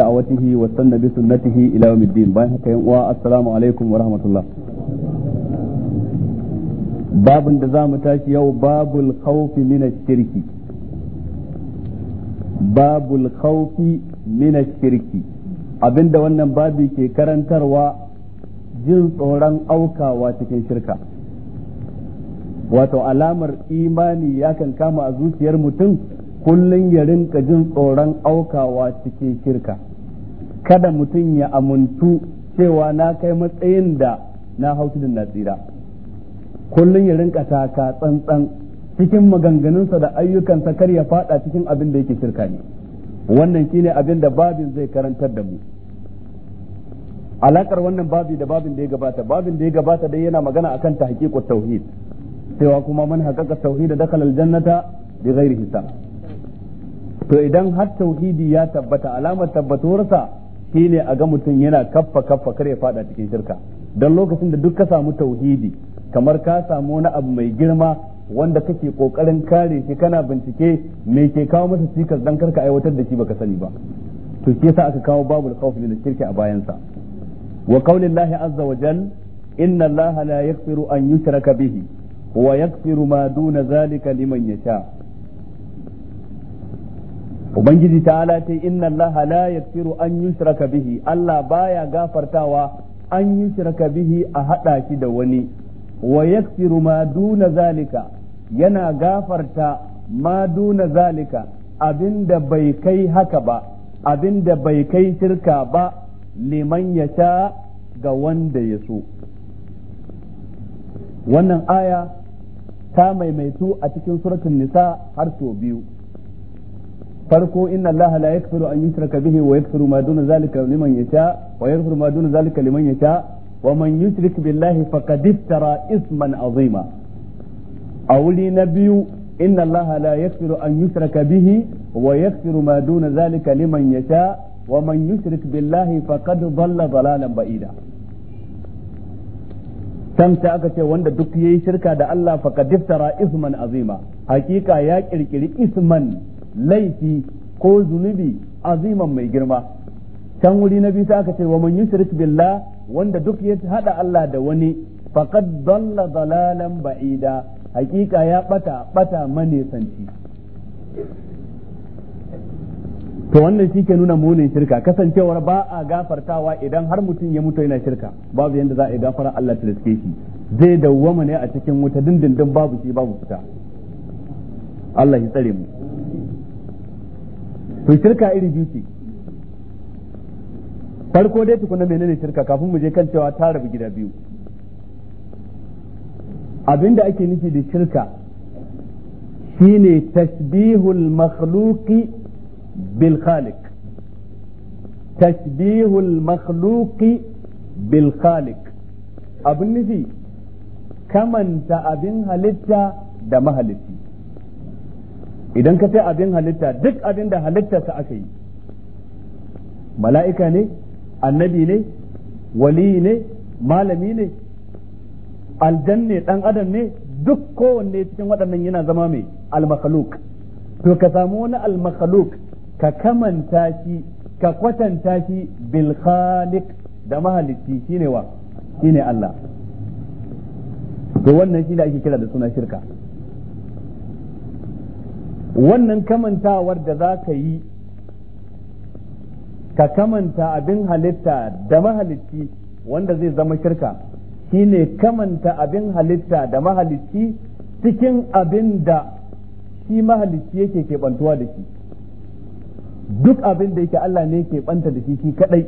da'awatihi wa sanna bi sunnatihi ila din bayan haka yan uwa assalamu alaikum wa rahmatullah babun da zamu tashi yau babul khawfi min ash-shirki babul khawfi min ash-shirki abinda wannan babi ke karantarwa jin tsoron aukawa cikin shirka wato alamar imani ya kan kama a zuciyar mutum kullum ya rinka jin tsoron aukawa cikin shirka kada mutum ya amintu cewa na kai matsayin da na hau tudun na tsira kullum ya rinka taka tsantsan cikin maganganunsa da ayyukansa kar ya fada cikin abin da yake shirka ne wannan shine abin da babin zai karantar da mu alakar wannan babi da babin da ya gabata babin da ya gabata dai yana magana akan tahqiqut tauhid cewa kuma man haqqaqa tauhid dakhala aljannata bi ghairi hisab to idan har tauhidi ya tabbata alamar tabbatuwarsa shine a ga mutum yana kaffa kaffa kar ya fada cikin shirka dan lokacin da duk ka samu tauhidi kamar ka samu wani abu mai girma wanda kake kokarin kare shi kana bincike me ke kawo masa cikas dan karka aiwatar da shi baka sani ba to shi yasa aka kawo babul khawf min shirki a bayansa wa qaulillahi azza wa jal inna allaha la yaghfiru an yushraka bihi wa yaghfiru ma duna zalika liman yasha' ubangiji ta ta inna Allah la yaghfiru an yushraka bihi Allah baya gafartawa an yushraka bihi a hada shi da wani wa yaghfiru ma duna zalika yana gafarta ma duna zalika abinda bai kai haka ba abinda bai kai shirka ba liman yasha ga wanda ya so wannan aya ta maimaitu a cikin suratul nisa har sau biyu farko inna allaha la an yushraka bihi wa ma duna zalika liman yasha wa ma duna zalika liman yasha wa man yushrik billahi faqad iftara isman azima a wuri na biyu inna allaha la an yushraka bihi wa ma duna zalika liman yasha wa man yushrik billahi faqad dhalla dhalalan ba'ida aka ce wanda duk yayi shirka da Allah faqad iftara isman azima hakika ya kirkiri isman laifi ko zunubi aziman mai girma can wuri na biyu aka ce wa man yushrik billah wanda duk ya hada Allah da wani faqad dalla dalalan ba'ida hakika ya bata bata manesanci to wannan shi ke nuna munin shirka kasancewar ba a gafartawa idan har mutum ya mutu yana shirka babu yadda za a gafara Allah ta riske shi zai dawwama ne a cikin wuta dindindin babu shi babu fita Allah ya tsare mu to shirka iri biyu ce farko dai tukuna menene shirka kafin mu je kan cewa ta rabu gida biyu abinda ake nufi da shirka shine tasbihul makhluqi bil khaliq tasbihul makhluqi bil khaliq abin nufi kamanta abin halitta da mahalitti. idan ka sai abin halitta duk abin da halittarsa aka yi mala'ika ne annabi ne wali ne malami ne aljan ne dan adam ne duk kowanne cikin waɗannan yana zama mai almakhaluk to ka samu wani almakhaluk ka kamanta shi ka kwatanta shi bil da mahalicci shine wa shine Allah to wannan shi da ake kira da suna shirka wannan kamantawar da za ka yi ka kamanta abin halitta da mahalicci wanda zai zama shirka shine kamanta abin halitta da mahalicci cikin abin da shi mahalicci yake keɓantuwa da shi duk abin da yake Allah ne ke banta da shi shi kadai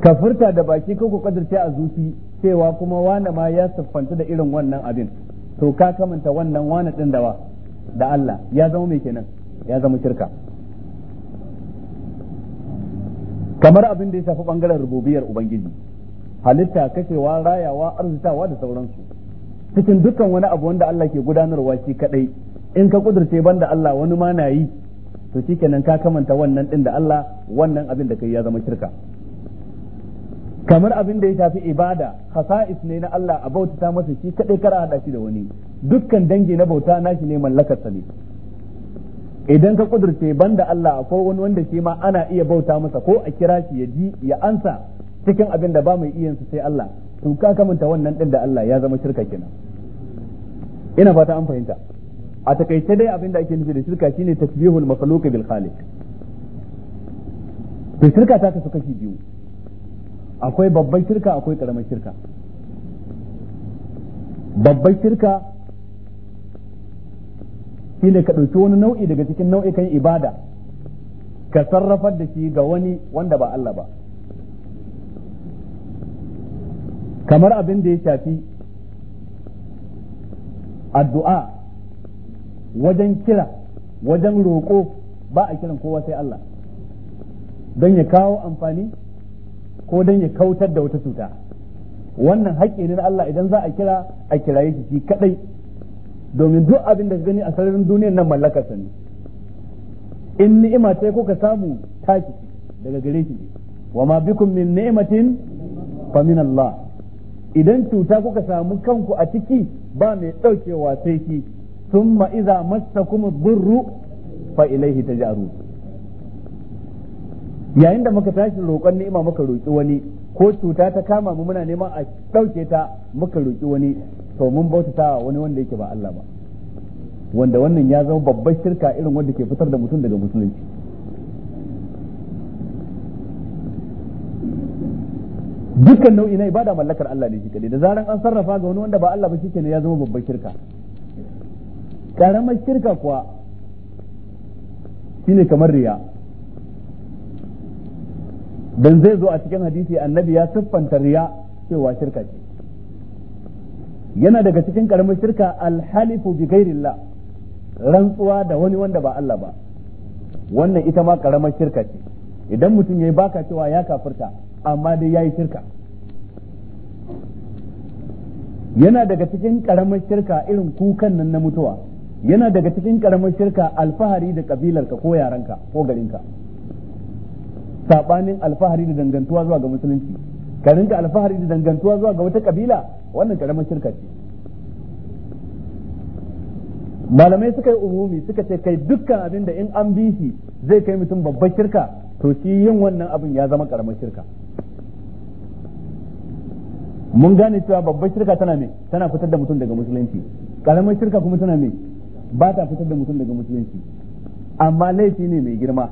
ka furta da baki ko ku kadirce a zuci cewa kuma wane ma ya siffanta da irin wannan abin to ka kamanta wannan wane din da wa da Allah ya zama mai kenan ya zama shirka kamar abin da ya shafi bangaren rububiyar ubangiji halitta kashewa rayawa arzikawa da sauransu cikin dukkan wani abu wanda Allah ke gudanarwa shi kadai in ka kudurce banda Allah wani ma na yi to shikenan ka kamanta wannan din da Allah wannan abin da kai ya zama shirka kamar abin da ya shafi ibada khasa'is ne na Allah a bautata masa shi kadai kar a hada shi da wani dukkan dangi na bauta nashi ne mallakar sa ne idan ka kudurce banda Allah akwai wani wanda shi ma ana iya bauta masa ko a kira shi ya ji ya ansa cikin abin da ba mai iyansa sai Allah to ka kamanta wannan din da Allah ya zama shirka kenan ina fata an fahimta a takaice dai abin da ake nufi da shirka shine tasbihul makhluq bil khaliq to shirka ta kasu kashi biyu akwai babban shirka akwai karamar shirka babban shirka shine ka ɗauki wani nau'i daga cikin nau'ikan ibada ka sarrafar da shi ga wani wanda ba Allah ba kamar abin da ya shafi addu'a wajen kira wajen roƙo ba a kiran kowa sai Allah don ya kawo amfani ko don ya kautar da wata cuta wannan haƙƙi ne na Allah idan za a kira a kiraye shi shi kadai domin duk abin da ka gani a sararin duniyar nan mallakar sa ne in ni'ima ce ko ka samu taki daga gare shi wa ma bikum min ni'matin fa min Allah idan cuta kuka samu kanku a ciki ba mai daukewa sai shi thumma idza massakum ad-durru fa ilayhi taj'arun yayin da muka tashi roƙon ni'ima muka roƙi wani ko cuta ta kama mu muna neman a ɗauke ta muka roƙi wani to mun bautata wani wanda yake ba Allah ba wanda wannan ya zama babbar shirka irin wanda ke fitar da mutum daga musulunci dukkan nau'i na ibada mallakar Allah ne shi kadai da zaran an sarrafa ga wani wanda ba Allah ba shi ya zama babbar shirka karamar shirka kuwa shine kamar riya dan zai zo a cikin hadisi annabi ya siffanta riya cewa shirka ce yana daga cikin karamin shirka alhalifu bi ghairillah rantsuwa da wani wanda ba Allah ba wannan ita ma karamar shirka ce idan mutum ya yi baka cewa ya kafirta amma dai yayi shirka yana daga cikin karamar shirka irin kukan nan na mutuwa yana daga cikin karamar shirka alfahari da kabilarka ko yaranka ko garinka sabanin alfahari da dangantuwa zuwa ga musulunci ka rinka alfahari da dangantuwa zuwa ga wata kabila wannan karamar shirka ce malamai suka yi umumi suka ce kai dukkan abin da in an bi shi zai kai mutum babbar shirka to shi yin wannan abin ya zama karamar shirka mun gane cewa babbar shirka tana me tana fitar da mutum daga musulunci karamar shirka kuma tana me ba ta fitar da mutum daga musulunci amma laifi ne mai girma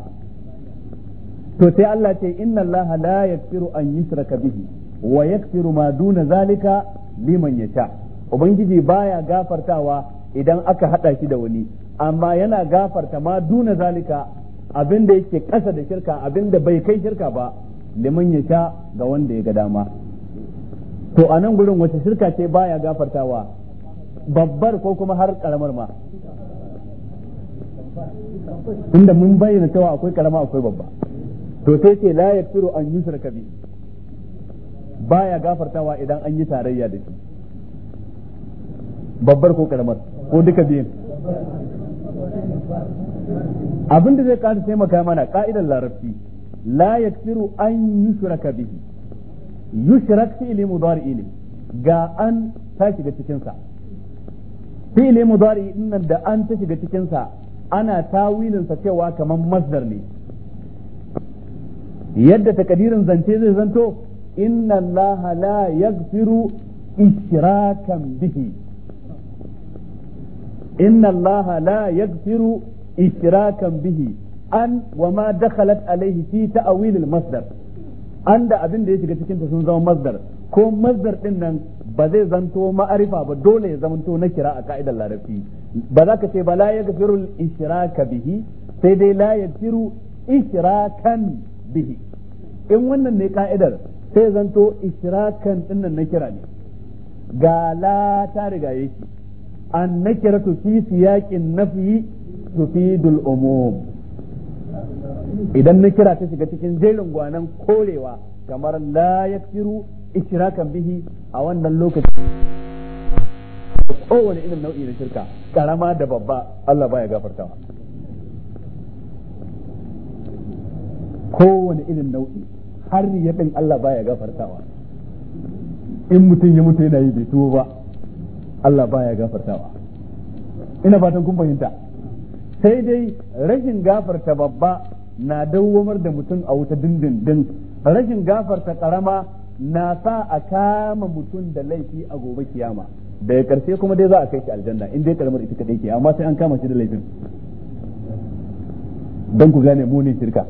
to sai Allah ce inna Allah la yakfiru an yushraka bihi wa yakfiru ma duna zalika liman yasha ubangiji baya gafartawa idan aka hada shi da wani amma yana gafarta ma duna zalika abin da yake kasa da shirka abin da bai kai shirka ba liman yasha ga wanda ya ga dama to a nan gurin wace shirka ce baya gafartawa babbar ko kuma har karamar ma inda mun bayyana cewa akwai karama akwai babba to sai ce la firu an ka bi baya gafartawa idan an yi tarayya da shi babbar ko karamar ko duka biyun abin da zai kara taimaka mana ka'idar larabci la firu an yushraka bihi yushrak fi'li mudari'i ne ga an ta shiga cikinsa fi ilimu mudari'i nan da an ta shiga cikinsa ana tawilinsa cewa kamar masdar ne yadda takadirin zance zai zanto inna allaha la yaghfiru ishrakan bihi inna allaha la yaghfiru ishrakan bihi an wa ma dakhalat alaihi fi ta'wil al-masdar an da abin da ya shiga cikin ta sun zama masdar ko masdar din nan ba zai zanto ma'arifa ba dole ya zanto na kira a ka'idar larabci ba za ka ce ba la yaghfiru al-ishraka bihi sai dai la yaghfiru ishrakan bihi in wannan ne ka'idar sai zanto ishrakan dinnan na kira ne ga la ta riga yake an nakiratu fi siyaqin nafyi dul umum idan kira ta shiga cikin jerin gwanan korewa kamar la yakfiru ishrakan bihi a wannan lokaci kowane irin nau'i na shirka karama da babba Allah ba ya gafartawa kowane irin nau'i har ya din Allah baya gafartawa in mutum ya mutu yana yi bai tuwo ba Allah baya gafartawa ina fatan kun fahimta sai dai rashin gafarta babba na dawwamar da mutum a wuta dindindin rashin gafarta karama na sa a kama mutum da laifi a gobe kiyama daga karshe kuma dai za a kai shi aljanna in dai karamar ita kadai ke amma sai an kama shi da laifin don ku gane munin shirka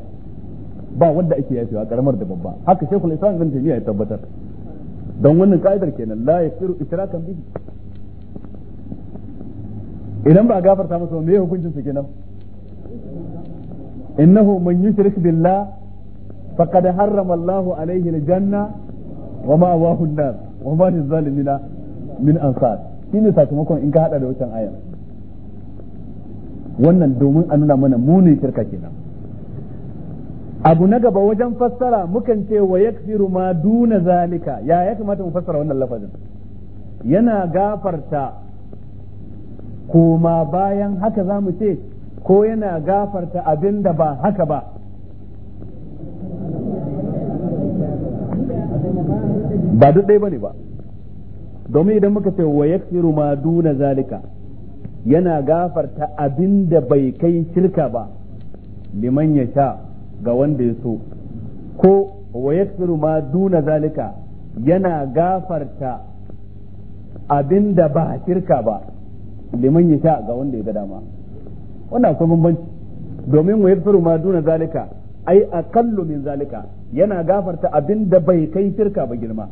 ba wanda ake yafewa karamar da babba haka shekul islam ibn taymiya ya tabbatar don wannan ka'idar kenan la yafiru itrakan bihi idan ba a gafarta masa me hukuncin sa kenan innahu man yushrik billah faqad harrama allah alayhi aljanna wa ma'awahu an-nar wa ma lizalimina min ansar shine sakamakon in ka hada da wancan ayan wannan domin a nuna mana mu ne shirka kenan abu na gaba wajen fassara mukan ce wa yakfiru ma duna zalika ya ya kamata mu fassara wannan lafazin yana gafarta koma bayan haka za mu ce ko yana gafarta abin da ba haka ba ba duk ɗaya bane ba domin idan muka ce wa yakfiru ma duna zalika yana gafarta abin da bai kai shirka ba liman ya sha ga wanda ya so ko wa yaksiru ma duna zalika yana gafarta abinda ba shirka ba liman ya sha ga wanda ya ga dama wannan akwai bambanci domin wa yaksiru ma duna zalika ai aqallu min zalika yana gafarta abinda bai kai shirka ba girma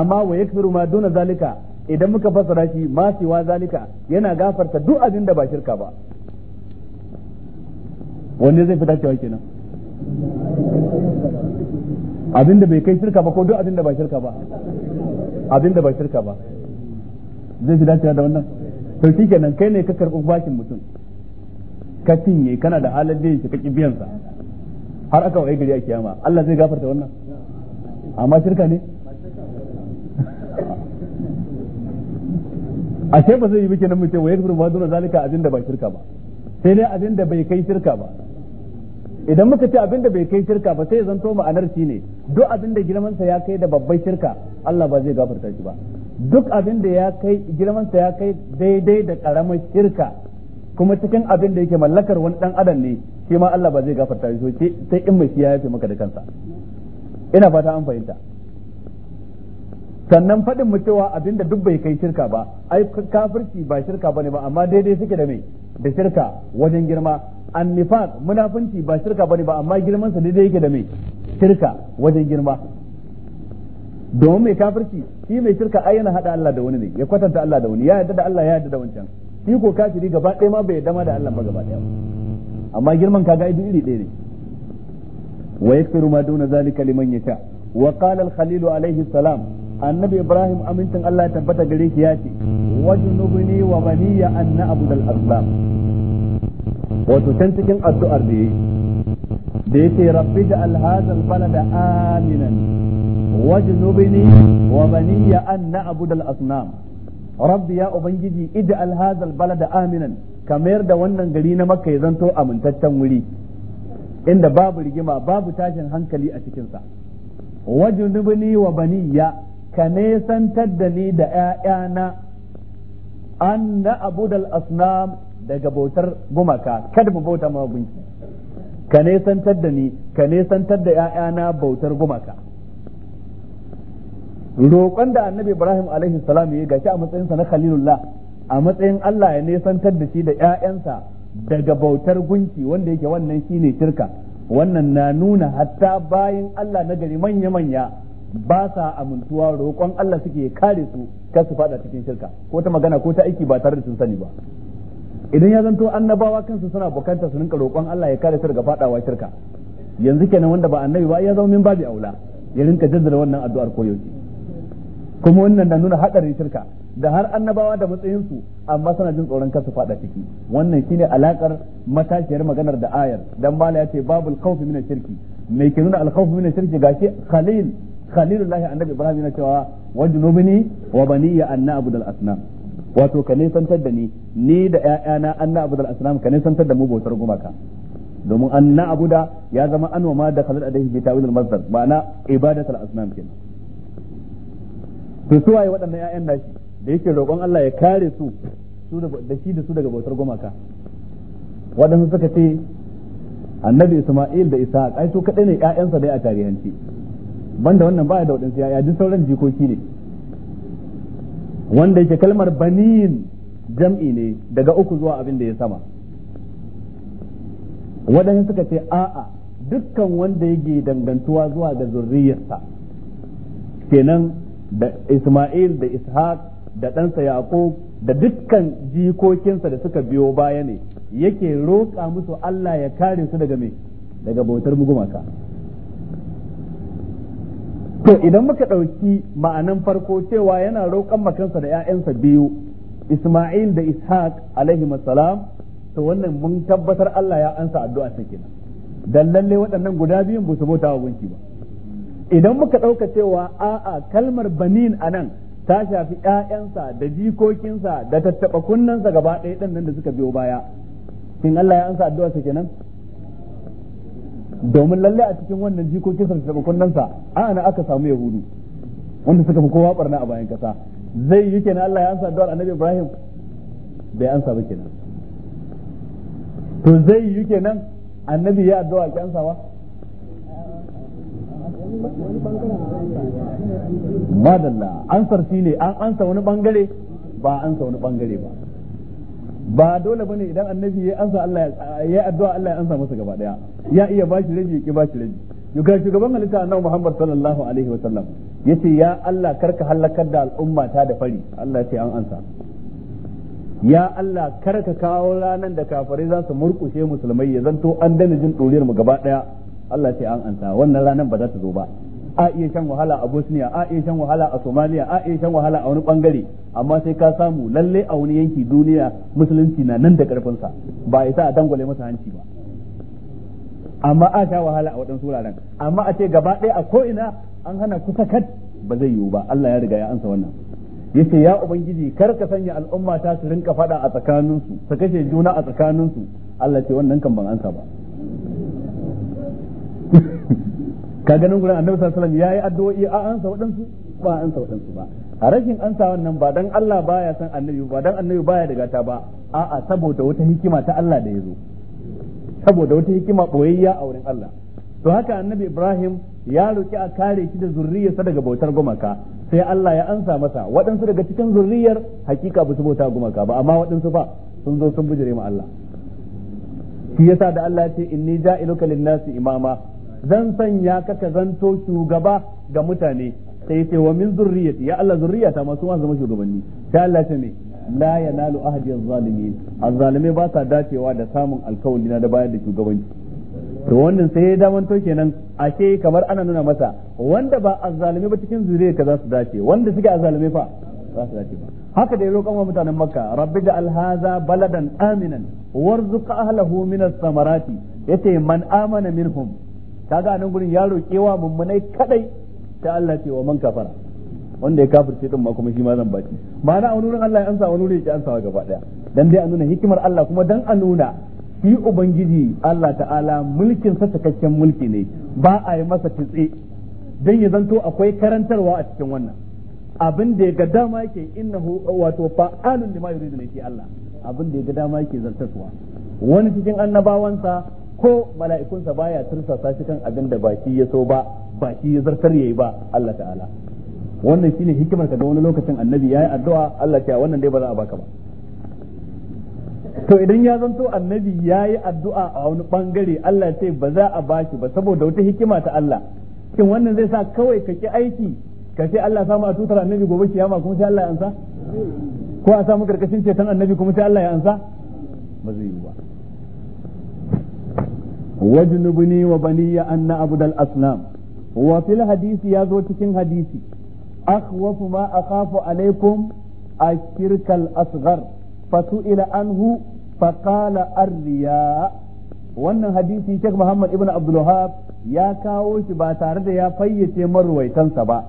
amma wa yaksiru ma duna zalika idan muka fasara shi ma siwa zalika yana gafarta duk abinda ba shirka ba wanne zai fi cewa kenan abinda bai kai shirka ba ko duk abinda ba shirka ba abinda ba shirka ba zai fi dacewa da wannan to kenan kai ne ka karɓi bashin mutum ka cinye kana da halar da shi ka ki biyan sa har aka waye gari a kiyama Allah zai gafarta wannan amma shirka ne a ba zai yi bikin nan mu ce wa yakfur ma duna zalika abinda ba shirka ba sai dai abin da bai kai shirka ba idan muka ce abin da bai kai shirka ba sai zanto ma'anar shi ne duk abin da girmansa ya kai da babbar shirka Allah ba zai gafarta shi ba duk abin da ya kai girmansa ya kai daidai da karamar shirka kuma cikin abin da yake mallakar wani dan adam ne shi ma Allah ba zai gafarta shi sai in mai ya yafe maka da kansa ina fata an fahimta sannan faɗin mu cewa abinda duk bai kai shirka ba ai kafirci ba shirka bane ba amma daidai suke da mai da shirka wajen girma annifaq munafunci ba shirka bane ba amma girman sa daidai yake da mai shirka wajen girma domin mai kafirci shi mai shirka ai yana hada Allah da wani ne ya kwatanta Allah da wani ya yarda da Allah ya yarda da wancan shi ko kafiri gaba ɗaya ma bai yarda da Allah ba gaba ɗaya amma girman kaga ai iri ɗaya ne wa yakfiru ma duna zalika liman yasha wa qala al-khalil alayhi salam annabi ibrahim amincin Allah ya tabbata gare shi ya ce wajnubni wa baniya an na'budal asbab wato can cikin addu'ar da yayi da yake rabbi da hadha al balada aminan wajnubni wa baniya an na'budal asnam rabbi ya ubangiji ij'al hadha al balada aminan kamar da wannan gari na makka ya zanto amintaccen wuri inda babu rigima babu tashin hankali a cikinsa wajnubni wa baniya ka nesantar da ni da ‘ya'yana an na abudal asnam daga bautar gumaka kada mu bauta ma ka nesantar da ni ka nesantar da ‘ya'yana bautar gumaka roƙon da annabi ibrahim alaihi salam ya gashi a matsayinsa na khalilullah a matsayin allah ya nesantar da shi da ‘ya'yansa daga bautar gunki wanda yake wannan shine shirka wannan na nuna hatta bayan allah na gari manya-manya ba sa amintuwa roƙon Allah suke kare su kar su fada cikin shirka ko ta magana ko ta aiki ba tare da sun sani ba idan ya zanto annabawa kansu suna bukanta su rinka roƙon Allah ya kare su daga fadawa shirka yanzu kenan wanda ba annabi ba ya zama min babi aula ya rinka jaddada wannan addu'ar koyaushe kuma wannan na nuna hadarin shirka da har annabawa da matsayinsu amma suna jin tsoron kansu faɗa ciki wannan shine alakar matashiyar maganar da ayar dan bala ya ce babul khawfi min shirki mai ke nuna al-khawfi min shirki gashi khalil khalilullah annabi ibrahim yana cewa wajnubni wa baniya an na'budal asnam wato ka nisantar da ni ni da ƴaƴana an na'budal asnam ka nisantar da mu bautar gumaka domin an abuda ya zama an wa ma da khalil adai bi ta'wil al-masdar ma'ana al asnam kenan to suwaye waye waɗannan ƴaƴan shi da yake roƙon Allah ya kare su su da shi da su daga bautar gumaka waɗansu suka ce annabi Isma'il da Isa ai su kaɗai ne ƴaƴansa dai a tarihance banda wannan ba da waɗansu ya yajin sauran jikoki ne wanda yake kalmar baniyin jam'i ne daga uku zuwa abin da ya sama waɗansu suka ce a'a dukkan wanda yake dangantuwa zuwa ga zurriyarsa kenan da Ismail da Ishaq da ɗansa Yaqub da dukkan jikokinsa da suka biyo baya ne yake roƙa musu Allah ya kare su daga me daga bautar gumaka to idan muka ɗauki ma'anan farko cewa yana roƙon makansa da 'ya'yansa biyu Isma'il da Ishaq alaihi salam to wannan mun tabbatar Allah ya ansa addu'a ta kenan dan lalle waɗannan guda biyun ba su bauta wa gunki ba idan muka ɗauka cewa a'a kalmar banin a nan ta shafi 'ya'yansa da jikokinsa da tattaɓa kunnensa gaba ɗaya ɗin nan da suka biyo baya kin Allah ya ansa addu'a sa kenan domin lalle a cikin wannan jikokin sa da kunnansa ana aka samu yahudu wanda suka fi kowa barna a bayan kasa zai yi kenan Allah ya ansa addu'ar Annabi Ibrahim bai ansa ba kenan to zai yi kenan Annabi ya addu'a ki ba. madalla ansar shine an ansa wani bangare ba ansa wani bangare ba ba dole bane idan annabi ya ansa Allah ya addu'a Allah ya ansa masa gaba daya ya iya bashi rabi ya ki bashi rabi yuka shugaban halitta annabi Muhammad sallallahu alaihi wa sallam yace ya Allah karka halakar da al'umma ta da fari Allah ya ce an ansa ya Allah karka kawo ranan da kafirai za su murkushe musulmai ya zanto an dana jin doriyar mu gaba daya Allah ya an ansa wannan ranan ba za ta zo ba a iya shan wahala a Bosnia a iya shan wahala a Somalia a iya shan wahala a wani bangare amma sai ka samu lalle a wani yanki duniya musulunci na nan da karfin sa ba isa a dangwale masa hanci ba amma a sha wahala a waɗansu wuraren amma a ce gaba ɗaya a ko ina an hana kusa kat ba zai yiwu ba Allah ya riga ya ansa wannan yace ya ubangiji kar ka sanya al'umma ta su rinka fada a tsakaninsu su kashe juna a tsakaninsu Allah ce wannan kan ban ansa ba ka ganin gurin annabi sallallahu alaihi wasallam yayi addu'o'i a ansa waɗansu ba a ansa waɗansu ba a rashin ansa wannan ba dan Allah baya san annabi ba dan annabi baya daga ta ba a saboda wata hikima ta Allah da yazo saboda wata hikima boyayya a wurin Allah to haka annabi Ibrahim ya roki a kare shi da zurriyarsa daga bautar gumaka sai Allah ya ansa masa waɗansu daga cikin zurriyar hakika ba su bauta gumaka ba amma waɗansu ba sun zo sun bujire ma Allah shi yasa da Allah ya ce inni ja'iluka lin-nasi imama zan sanya ka ka zanto shugaba ga mutane sai sai wa min zurriyati ya Allah zurriyata ma su zama shugabanni sai Allah ce ne la yanalu ahadi az-zalimin az-zalimai ba sa dacewa da samun alkawari na da bayar da shugabanci to wannan sai ya damanto kenan ashe kamar ana nuna masa wanda ba azzalimi ba cikin zuriya ka za su dace wanda suke azzalimi fa za su dace ba haka da ya roƙon wa mutanen makka rabbi da alhaza baladan aminan warzuqa ahlahu min as-samarati yace man amana minhum kaga nan gurin ya roke wa mummunai kadai ta Allah ce wa man kafara wanda ya kafirce din ma kuma shi ma zan baki ma'ana a nurin Allah ya ansa wa nurin ya ansa gaba daya dan dai a nuna hikimar Allah kuma dan a nuna shi ubangiji Allah ta'ala mulkin sa takakken mulki ne ba a yi masa kitse dan ya zanto akwai karantarwa a cikin wannan abin da ya ga dama yake innahu wato fa'alun lima yuridu ne shi Allah abin da ya ga dama yake zartaswa wani cikin annabawansa ko mala'ikunsa baya tursasa shi kan abin da baki ya so ba baki ya zartar yayi ba Allah ta'ala wannan shine hikimar ka da wani lokacin annabi yayi addu'a Allah ya wannan dai ba za a baka ba to idan ya zanto annabi yayi addu'a a wani bangare Allah ya ce ba za a bashi ba saboda wata hikima ta Allah kin wannan zai sa kawai ka ki aiki ka ce Allah samu a tutar annabi gobe kiyama kuma sai Allah ya ansa ko a samu karkashin ceton annabi kuma sai Allah ya ansa ba zai yi ba wajnubni wa baniya anna abdal asnam wa fil hadisi ya zo cikin hadisi akhwafu ma akhafu alaikum ashirkal asghar fasu'ila anhu faqala arriya wannan hadisi Sheikh Muhammad ibn Abdulwahab ya kawo shi ba tare da ya fayyace marwaitansa ba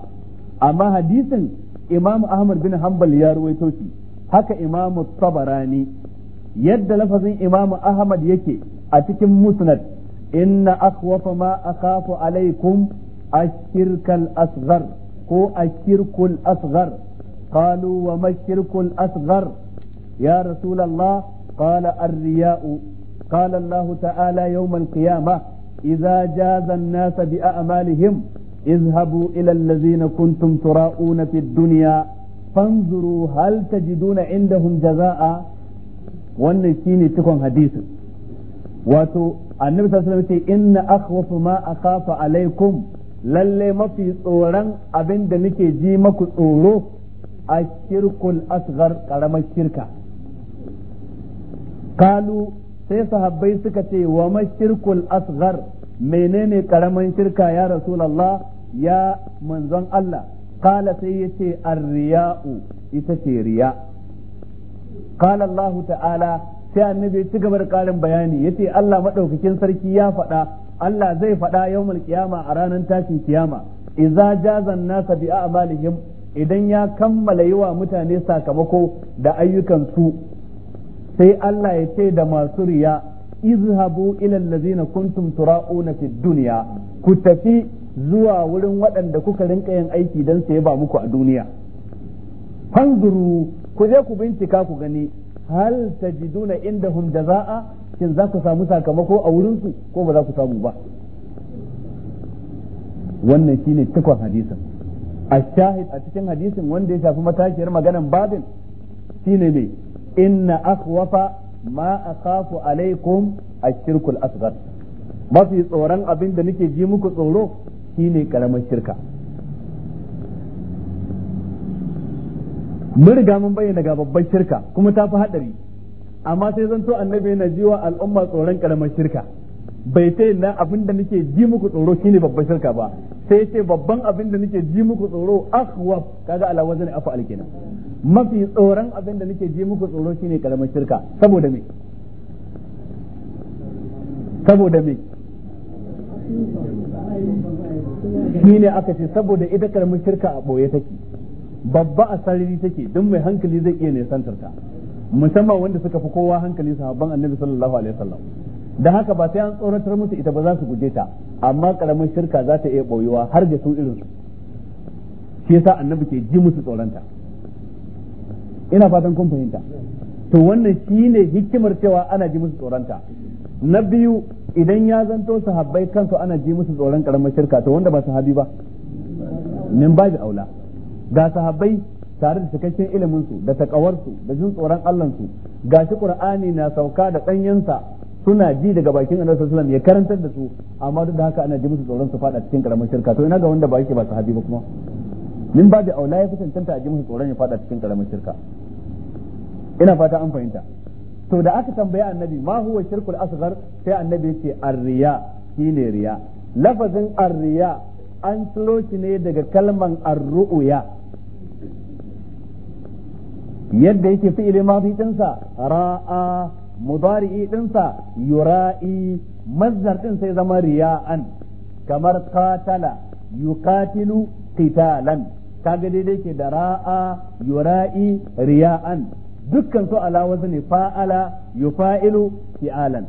amma hadisin Imam Ahmad bin Hanbal ya ruwaito shi haka Imam Tabarani yadda lafazin Imam Ahmad yake a cikin Musnad inna akhwafa ma akhafu alaikum ashirkal asghar ko ashirkul asghar قالوا وما الشرك الأصغر يا رسول الله قال الرياء قال الله تعالى يوم القيامة إذا جاز الناس بأعمالهم اذهبوا إلى الذين كنتم تراؤون في الدنيا فانظروا هل تجدون عندهم جزاء wannan shine cikon hadisin wato annabi sallallahu alaihi wasallam ce inna akhwafu ma akhafa alaikum lalle mafi tsoron abin da nake ji maku tsoro a shirkul asghar karamar shirka kalu sai sahabbai suka ce wa mashirkul asghar menene karamin shirka ya rasulullah ya manzon Allah kala sai yace arriya'u ita ce riya qala Allah ta'ala sai annabi ya ci gaba da karin bayani yace Allah madaukakin sarki ya faɗa Allah zai faɗa yawmul kiyama a ranar tashin kiyama idza jazan nasa bi a'malihim idan ya kammala yawa mutane sakamako da ayyukan su sai Allah ya ce da masu riya izhabu ila allazina kuntum tura'una fid dunya ku tafi zuwa wurin waɗanda kuka rinka yin aiki don sai ba muku a duniya fanzuru ku je ku bincika ku gani hal tajiduna indahum jazaa'a shin za ku samu sakamako a wurin su ko ba za ku samu ba wannan shine cikon hadisin a shahid a cikin hadisin wanda ya shafi matashiyar maganan babin shine ne inna akhwafa ma akhafu alaikum ashirkul asghar mafi tsoron abin da nake ji muku tsoro shine karamar shirka mun riga mun bayyana ga babbar shirka kuma ta fi hadari amma sai zan so annabi yana jiwa al'umma tsoron karamar shirka bai ce na abin da nake ji muku tsoro shine babbar shirka ba sai ce babban abin da nake ji muku tsoro akhwaf kaga ala wazni afal kenan mafi tsoron abin da nake ji muku tsoro shine karamar shirka saboda me saboda me shine aka ce saboda ita karamar shirka a boye take babba a sarari take don mai hankali zai iya nisantar ta musamman wanda suka fi kowa hankali sahabban annabi sallallahu alaihi wasallam da haka ba sai an tsoratar musu ita ba za su guje ta amma karamin shirka za ta iya boyuwa har da su irin shi yasa annabi ke ji musu tsoronta ina fatan kun fahimta to wannan shine hikimar cewa ana ji musu tsoronta na biyu idan ya zanto sahabbai kansu ana ji musu tsoron karamar shirka to wanda ba sahabi ba min ba aula ga sahabbai tare da cikakken ilimin su da takawarsu da jin tsoron Allah su shi Qur'ani na sauka da danyensa suna ji daga bakin Annabi sallallahu alaihi ya karantar da su amma duk da haka ana ji musu tsoron su fada cikin karamin shirka to ina ga wanda ba yake ba sahabi ba kuma min ba da aula ya fitan tanta a ji musu tsoron ya fada cikin karamin shirka ina fata an fahimta to da aka tambaya annabi ma huwa shirkul asghar sai annabi yace arriya shine riya lafazin arriya an tsiro shi ne daga kalman arru'ya yadda yake fi'ilin mafi dinsa ra'a mudari'i ɗinsa yura'i mazdar din sai zama riya'an kamar qatala yuqatilu qitalan kaga daidai ke da ra'a yura'i riya'an dukkan su ala fa'ala yufa'ilu fi'alan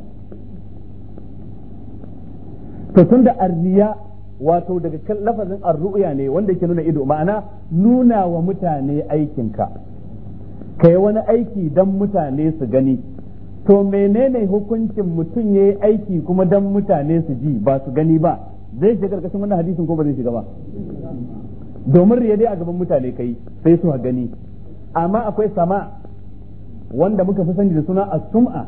to tunda arriya wato daga lafazin arru'ya ne wanda ke nuna ido ma'ana nuna wa mutane aikinka kai wani aiki dan mutane su gani to menene hukuncin mutum ya yi aiki kuma dan mutane su ji ba su gani ba zai shiga karkashin wannan hadisin ko ba zai shiga ba domin riya dai a gaban mutane kai sai su gani amma akwai sama wanda muka fi sani da suna as-sum'a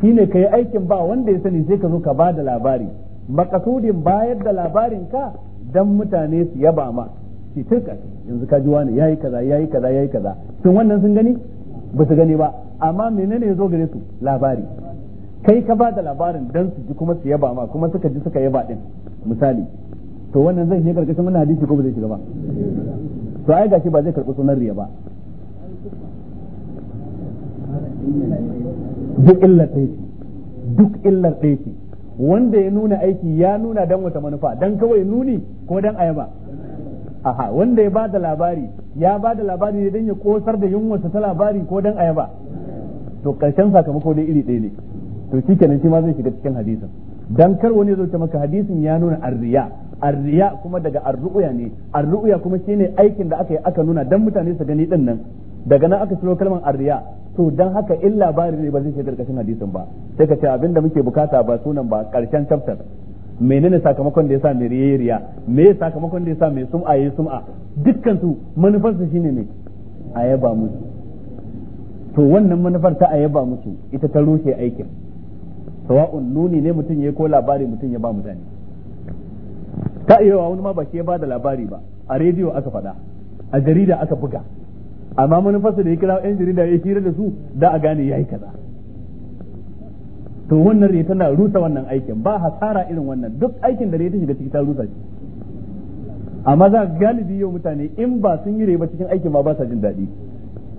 shine kai aikin ba wanda ya sani sai ka zo ka ba da labari makasudin bayar da labarin ka dan mutane su yaba ma shi turka yanzu ka ji wani yayi kaza yayi kaza yayi kaza shin wannan sun gani ba su gani ba amma menene ya zo gare su labari kai ka ba da labarin dan su ji kuma su yaba ma kuma suka ji suka yaba din misali to wannan zai shiga karkashin wannan hadisi ko ba zai shiga ba to ai gashi ba zai karɓi sunan riya ba duk illar ɗaya ce duk illar ɗaya ce wanda ya nuna aiki ya nuna dan wata manufa dan kawai nuni ko dan ayaba aha wanda ya bada labari ya bada labari ne dan ya kosar da yunwarsa ta labari ko dan ayaba to karshen sakamako dai iri ɗaya ne to kenan shi ma zai shiga cikin hadisin dan kar wani zo ta maka hadisin ya nuna arriya arriya kuma daga arru'ya ne arru'ya kuma shine aikin da aka yi aka nuna dan mutane su gani din nan daga nan aka shiro kalmar arriya to dan haka in labari ne ba zai shiga karkashin hadisin ba sai ka ce abinda muke bukata ba sunan ba karshen chapter menene sakamakon da yasa mai riya riya me sakamakon da yasa mai sum'a ya sum'a dukkan su manufar su shine ne a yaba musu to wannan manufar ta ayaba musu ita ta rushe aikin sawa'un nuni ne mutum ya ko labari mutum ya ba mutane ta iya wani ma ba shi ya ba labari ba a rediyo aka faɗa a jarida aka buga amma manufarsa da ya kira yan jarida ya hira da su da a gane ya yi kaza to wannan rai tana rusa wannan aikin ba hasara irin wannan duk aikin da rai ta shiga ciki ta rusa shi amma za galibi yau mutane in ba sun yi ba cikin aikin ma ba sa jin daɗi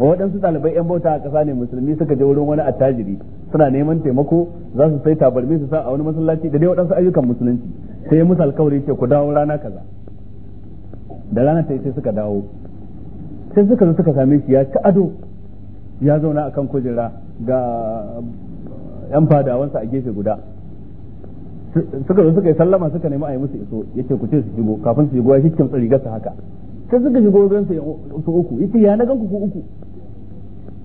waɗansu ɗalibai 'yan bauta a ƙasa ne musulmi suka je wurin wani attajiri suna neman taimako za su sai tabarmi su sa a wani masallaci da dai waɗansu ayyukan musulunci sai ya musu alkawari ce ku dawo rana kaza da rana ta sai suka dawo sai suka zo suka same shi ya ci ado ya zauna akan kujera ga yan fadawansa a gefe guda suka zo suka yi sallama suka nemi a yi musu iso yace ku ce su shigo kafin su shigo ya tsari rigarsa haka sai suka shigo wajen su uku yace ya na ganku ku uku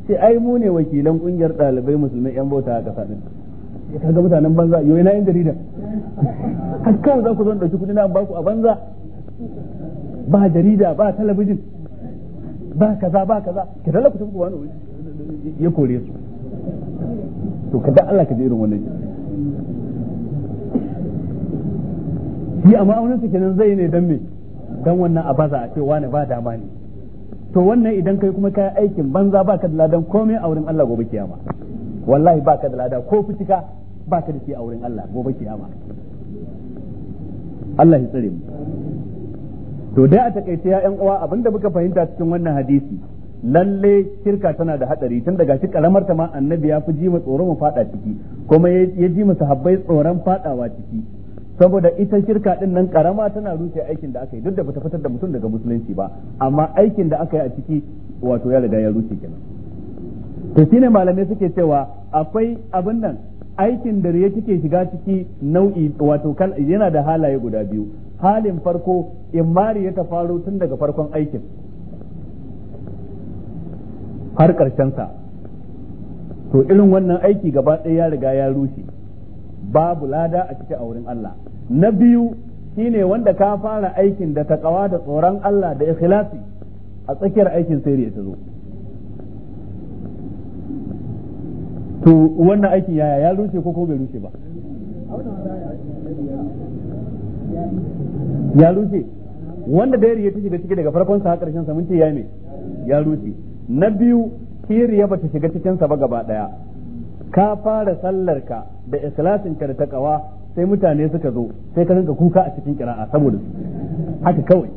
sai ai mu ne wakilan kungiyar ɗalibai musulmai yan bauta a kasa din ya kaga mutanen banza yau ina yin jarida hakan za ku zo dauki kudi na ba ku a banza ba jarida ba talabijin ba kaza ba kaza ki tallafa ku wani ya kore su to ka Allah ka ji irin wannan shi amma aunin su kenan zai ne dan me dan wannan a baza a ce wani ba dama ne to wannan idan kai kuma kai aikin banza baka da ladan komai a wurin Allah gobe kiyama wallahi baka da lada ko fitika baka da shi a wurin Allah gobe kiyama Allah ya tsare mu to dai a takaice ya ƴan uwa abinda muka fahimta cikin wannan hadisi lalle shirka tana da hadari tun daga shi karamar ta ma annabi ya fi ji mu tsoro mu fada ciki kuma ya ji mu sahabbai tsoron fadawa ciki saboda ita shirka din nan karama tana rushe aikin da aka yi duk da bata fitar da mutum daga musulunci ba amma aikin da aka yi a ciki wato ya riga ya rushe kenan to shine malamai suke cewa akwai abin nan aikin da riya kike shiga ciki nau'i wato kan yana da halaye guda biyu halin farko imari ya ta faru tun daga farkon aikin har karshen sa to irin wannan aiki gaba ɗaya ya riga ya rushe babu lada a cikin auren Allah na biyu shine wanda ka fara aikin da takawa da tsoron Allah da ikhlasi a tsakiyar aikin sai ya zo to wannan aikin yaya ya rushe ko ko bai rushe ba ya rushe wanda da ya take da ciki daga farkon sa har karshen sa mun ce ya me ya rushe na biyu kiriya bata shiga cikin sa ba gaba daya ka fara sallar ka da ikhlasin ka da taqwa sai mutane suka zo sai ka rinka kuka a cikin kira'a saboda su haka kawai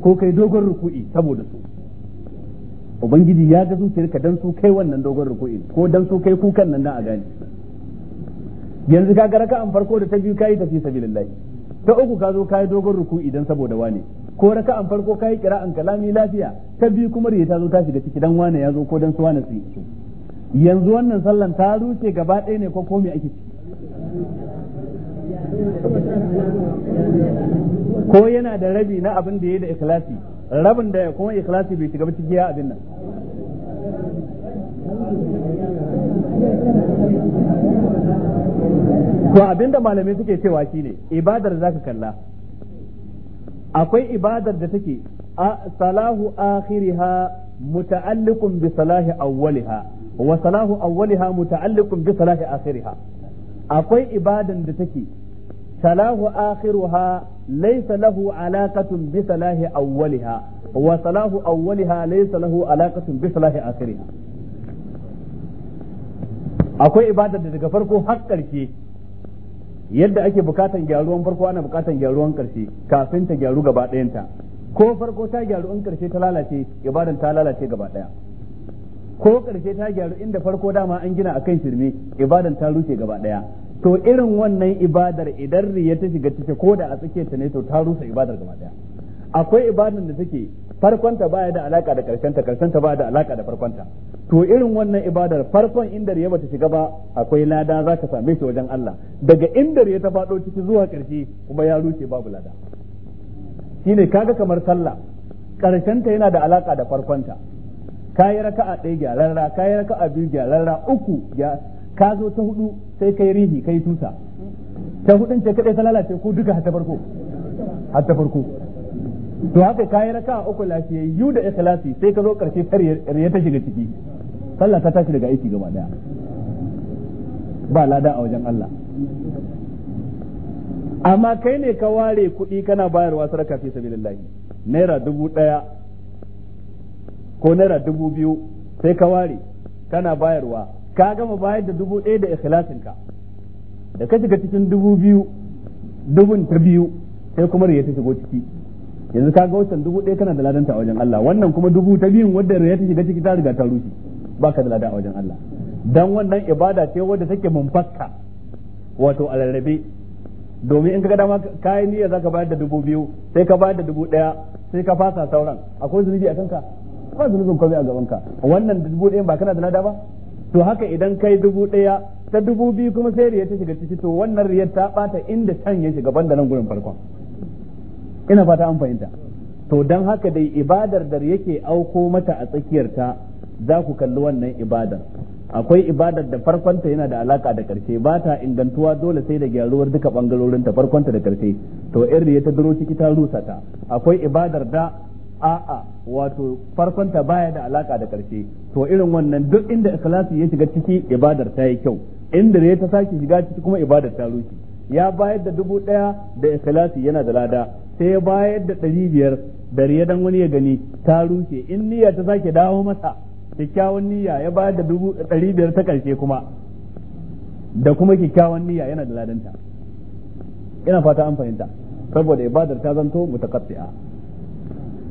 ko kai dogon ruku'i saboda su ubangiji ya ga zuciyarka dan su kai wannan dogon ruku'i ko dan su kai kukan nan dan a gane yanzu ka ga raka'an farko da ta biyu kai tafi sabilillah ta uku ka zo kai dogon ruku'i dan saboda wane ko raka'an farko kai kira'an kalami lafiya ta biyu kuma riya ta zo ta shiga ciki dan wane ya zo ko dan su wane su yi yanzu wannan sallan ta ruce gaba ɗaya ne ko ko me ake ciki ko yana da rabi na abin da ya da ikhlasi rabin da kuma ikhlasi bai shiga ciki ya abin nan to abinda malamai suke cewa shine ibadar zaka kalla akwai ibadar da take salahu akhiriha muta'alliqun bi salahi awwaliha wa salahu awwaliha muta'alliqun bi salahi akhiriha akwai ibadan da take salahu akhiruha laysa lahu alaqatun bi salahi awwaliha wa salahu awwaliha laysa lahu alaqatun bi salahi akhiriha akwai ibadar da daga farko har ƙarshe yadda ake bukatan gyaruwan farko ana bukatan gyaruwan karshe kafin ta gyaru gaba ɗayanta ko farko ta gyaru in karshe ta lalace ibadan ta lalace gaba ɗaya ko karshe ta gyaru inda farko dama an gina akan shirme ibadan ta rushe gaba ɗaya to irin wannan ibadar idan riya ta shiga cike ko da a tsakiyar ta ne to ta rusa ibadar gaba ɗaya akwai ibadar da take farkonta baya da alaka da karshenta karshenta baya da alaka da farkonta to irin wannan ibadar farkon inda ya ta shiga ba akwai lada za ka same shi wajen Allah daga inda ya ta fado ciki zuwa karshe kuma ya rushe babu lada shine kaga kamar sallah karshenta yana da alaka da farkonta kayi raka'a ɗaya gyararra kayi raka'a biyu gyararra uku ya ka zo ta hudu sai kai rihi kai tusa ta hudun ce kadai ta lalace ko duka har ta farko har ta farko to haka kayi raka uku lafiya yu da ikhlasi sai ka zo karshe ya ta shiga ciki sallah ta tashi daga aiki gaba daya ba lada a wajen Allah amma kai ne ka ware kuɗi kana bayarwa sadaka fi sabilillahi naira dubu ɗaya ko naira dubu biyu sai ka ware kana bayarwa ka gama bayar da dubu ɗaya da ka da ka shiga cikin dubu biyu dubun ta biyu sai kuma ya ta shigo ciki yanzu ka ga wasan dubu ɗaya kana da ladanta a wajen Allah wannan kuma dubu ta biyun wadda ya ta shiga ciki ta riga ta rushe baka da lada a wajen Allah dan wannan ibada ce wadda take munfakka wato a domin in ka ga dama kayan niyya zaka bayar da dubu biyu sai ka bayar da dubu ɗaya sai ka fasa sauran akwai zunubi a kanka ba zunubin komai a gaban ka wannan dubu ɗayan ba kana da lada ba to haka idan kai dubu ɗaya ta dubu biyu kuma sai riyar ta shiga ciki to wannan riyar ta ɓata inda can ya shiga banda nan gurin farkon ina fata an fahimta to dan haka dai ibadar da yake auko mata a tsakiyarta za ku kalli wannan ibadar akwai ibadar da farkonta yana da alaka da karshe ba ta ingantuwa dole sai da gyaruwar duka bangarorin ta farkonta da karshe to irin ta duro ciki ta rusa ta akwai ibadar da a'a wato farkonta baya da alaka da karshe to irin wannan duk inda ikhlasi ya shiga ciki ibadar ta yi kyau inda ya ta sake shiga ciki kuma ibadar ta rushe ya bayar da dubu daya da ikhlasi yana da lada sai ya bayar da ɗari biyar da riyadan wani ya gani ta rushe in niyya ta sake dawo masa kyakkyawan niyya ya bayar da dubu ɗari biyar ta ƙarshe kuma da kuma kyakkyawan niyya yana da ladanta ina fata an fahimta saboda ibadar ta zanto mutaqatti'a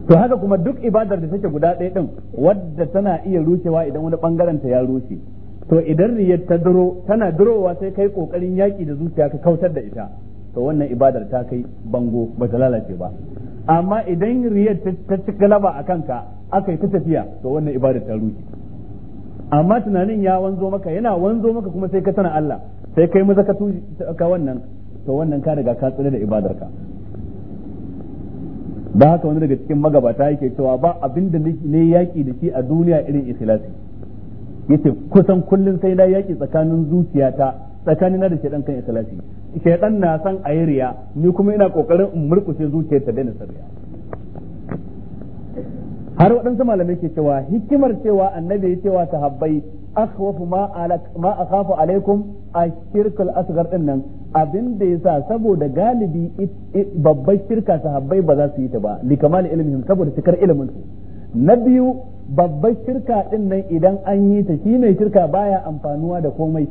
to haka kuma duk ibadar da take guda ɗaya din wadda tana iya rushewa idan wani bangaren ta ya rushe to idan riyar ta duro tana durowa sai kai kokarin yaki da zuciya ka kautar da ita to wannan ibadar ta kai bango ba ta lalace ba amma idan riyar ta ci galaba a kanka aka yi ta tafiya to wannan ibadar ta rushe amma tunanin ya wanzo maka yana wanzo maka kuma sai ka tana Allah sai kai maza ka ka wannan to wannan ka riga ka tsare da ibadarka Ba haka wani daga cikin magabata yake cewa ba abin da ne yaki da shi a duniya irin ikhlasi yace kusan kullun sai na yaki tsakanin zuciyata tsakanina da shaidan kan ikhlasi shaidan na san a yi riya ni kuma ina kokarin in murkushe zuciyar ta daina sarriya har waɗansu malamai ke cewa hikimar cewa annabi ya cewa habbai akhwafu ma ma akhafu alaikum ashirkul asghar din nan abin da yasa saboda galibi babbar shirka habbai ba za su yi ta ba li kamal ilmihim saboda cikar ilimin su na biyu babbar shirka din nan idan an yi ta shi mai shirka baya amfanuwa da komai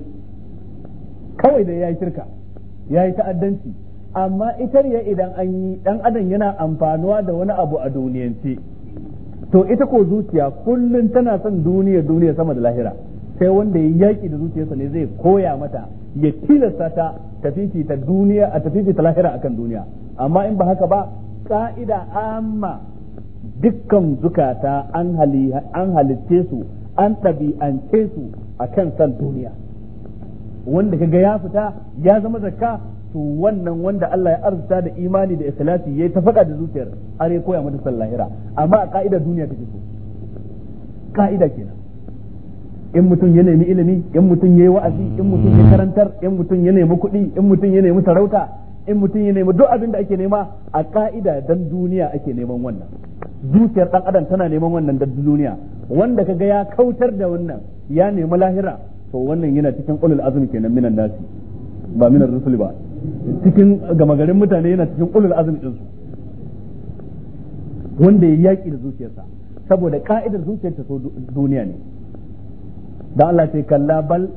kawai da ya yi shirka ya yi ta'addanci amma ita ne idan an yi dan adam yana amfanuwa da wani abu a duniyance to ita ko zuciya kullum tana son duniya duniya sama da lahira sai wanda ya yaki da zuciyarsa ne zai koya mata ya tilasta ta tafifi ta duniya a tafifi ta lahira akan duniya amma in ba haka ba ka'ida amma dukkan zukata an halitte su an ɗabi'ance su akan san duniya wanda kaga ya fita ya zama zakka to wannan wanda Allah ya arzuta da imani da ikhlasi yayi ta faɗa da zuciyar are ya koya mata sallahira amma a ka'ida duniya take so ka'ida kenan in mutum ya nemi ilimi in mutum ya yi wa'azi in mutum ya karantar in mutum ya nemi kuɗi in mutum ya nemi sarauta in mutum ya nemi duk abin da ake nema a ka'ida dan duniya ake neman wannan zuciyar dan adam tana neman wannan dan duniya wanda kaga ya kautar da wannan ya nemi lahira to wannan yana cikin ulul azmi kenan minan nasi ba minan rusul ba cikin gama garin mutane yana cikin ulul azmi din su wanda ya yaki da zuciyarsa saboda ka'idar zuciyarta so duniya ne dan Allah sai kalla bal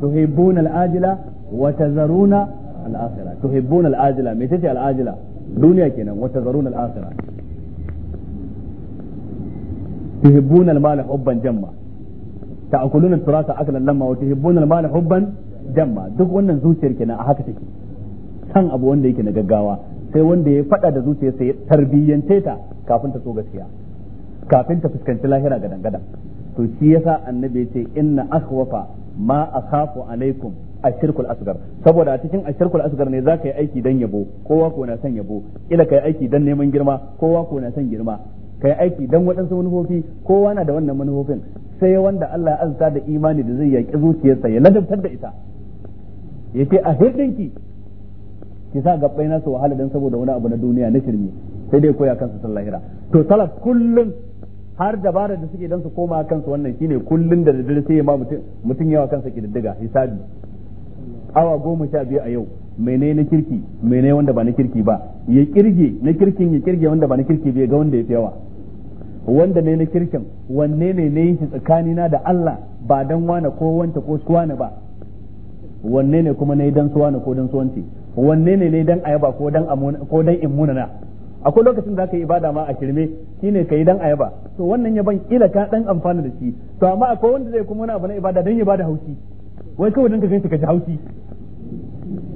tuhibbuna al-ajila wa tazaruna al akhira tuhibbuna al-ajila me tace al-ajila duniya kenan wa tazaruna al akhira tuhibbuna al-mala hubban jamma ta'kuluna turasa aklan lamma wa tuhibbuna al-mala hubban jamma duk wannan zuciyar kenan a haka take san abu wanda yake na gaggawa sai wanda ya fada da zuciyar sai tarbiyyance ta kafin ta so gaskiya kafin ta fuskanci lahira ga dangada to shi yasa annabi ya ce inna akhwafa ma akhafu alaikum ashirkul asgar saboda a cikin ashirkul asgar ne zaka yi aiki dan yabo kowa ko na son yabo ila kai aiki dan neman girma kowa ko na son girma kai aiki dan waɗansu manufofi kowa na da wannan manufofin sai wanda Allah ya azza da imani da zai yaƙi zuciyarsa ya ladabtar da ita yace a hirdinki ki sa gabbai na su wahala dan saboda wani abu na duniya na shirme sai dai koya kansu sun lahira to talaf kullum har dabarar da suke dan su koma kansu wannan shine kullum da daddare sai ma mutum mutum yawa kansa kididdiga hisabi awa goma sha biyu a yau mene na kirki mene wanda ba na kirki ba ya kirge na kirkin ya kirge wanda ba na kirki ya ga wanda ya fi yawa wanda ne na kirkin wanne ne ne shi tsakanina da Allah ba dan wane ko wanta ko suwana ba wanne ne kuma ne dan suwana ko dan suwanci wanne ne ne dan ayaba ko dan ko dan na akwai lokacin da ka yi ibada ma a shirme shine ka yi dan ayaba to wannan ban kila ka dan amfana da shi to amma akwai wanda zai kuma wani abu na ibada dan ya bada haushi wai kawai dan ka gani ka ji haushi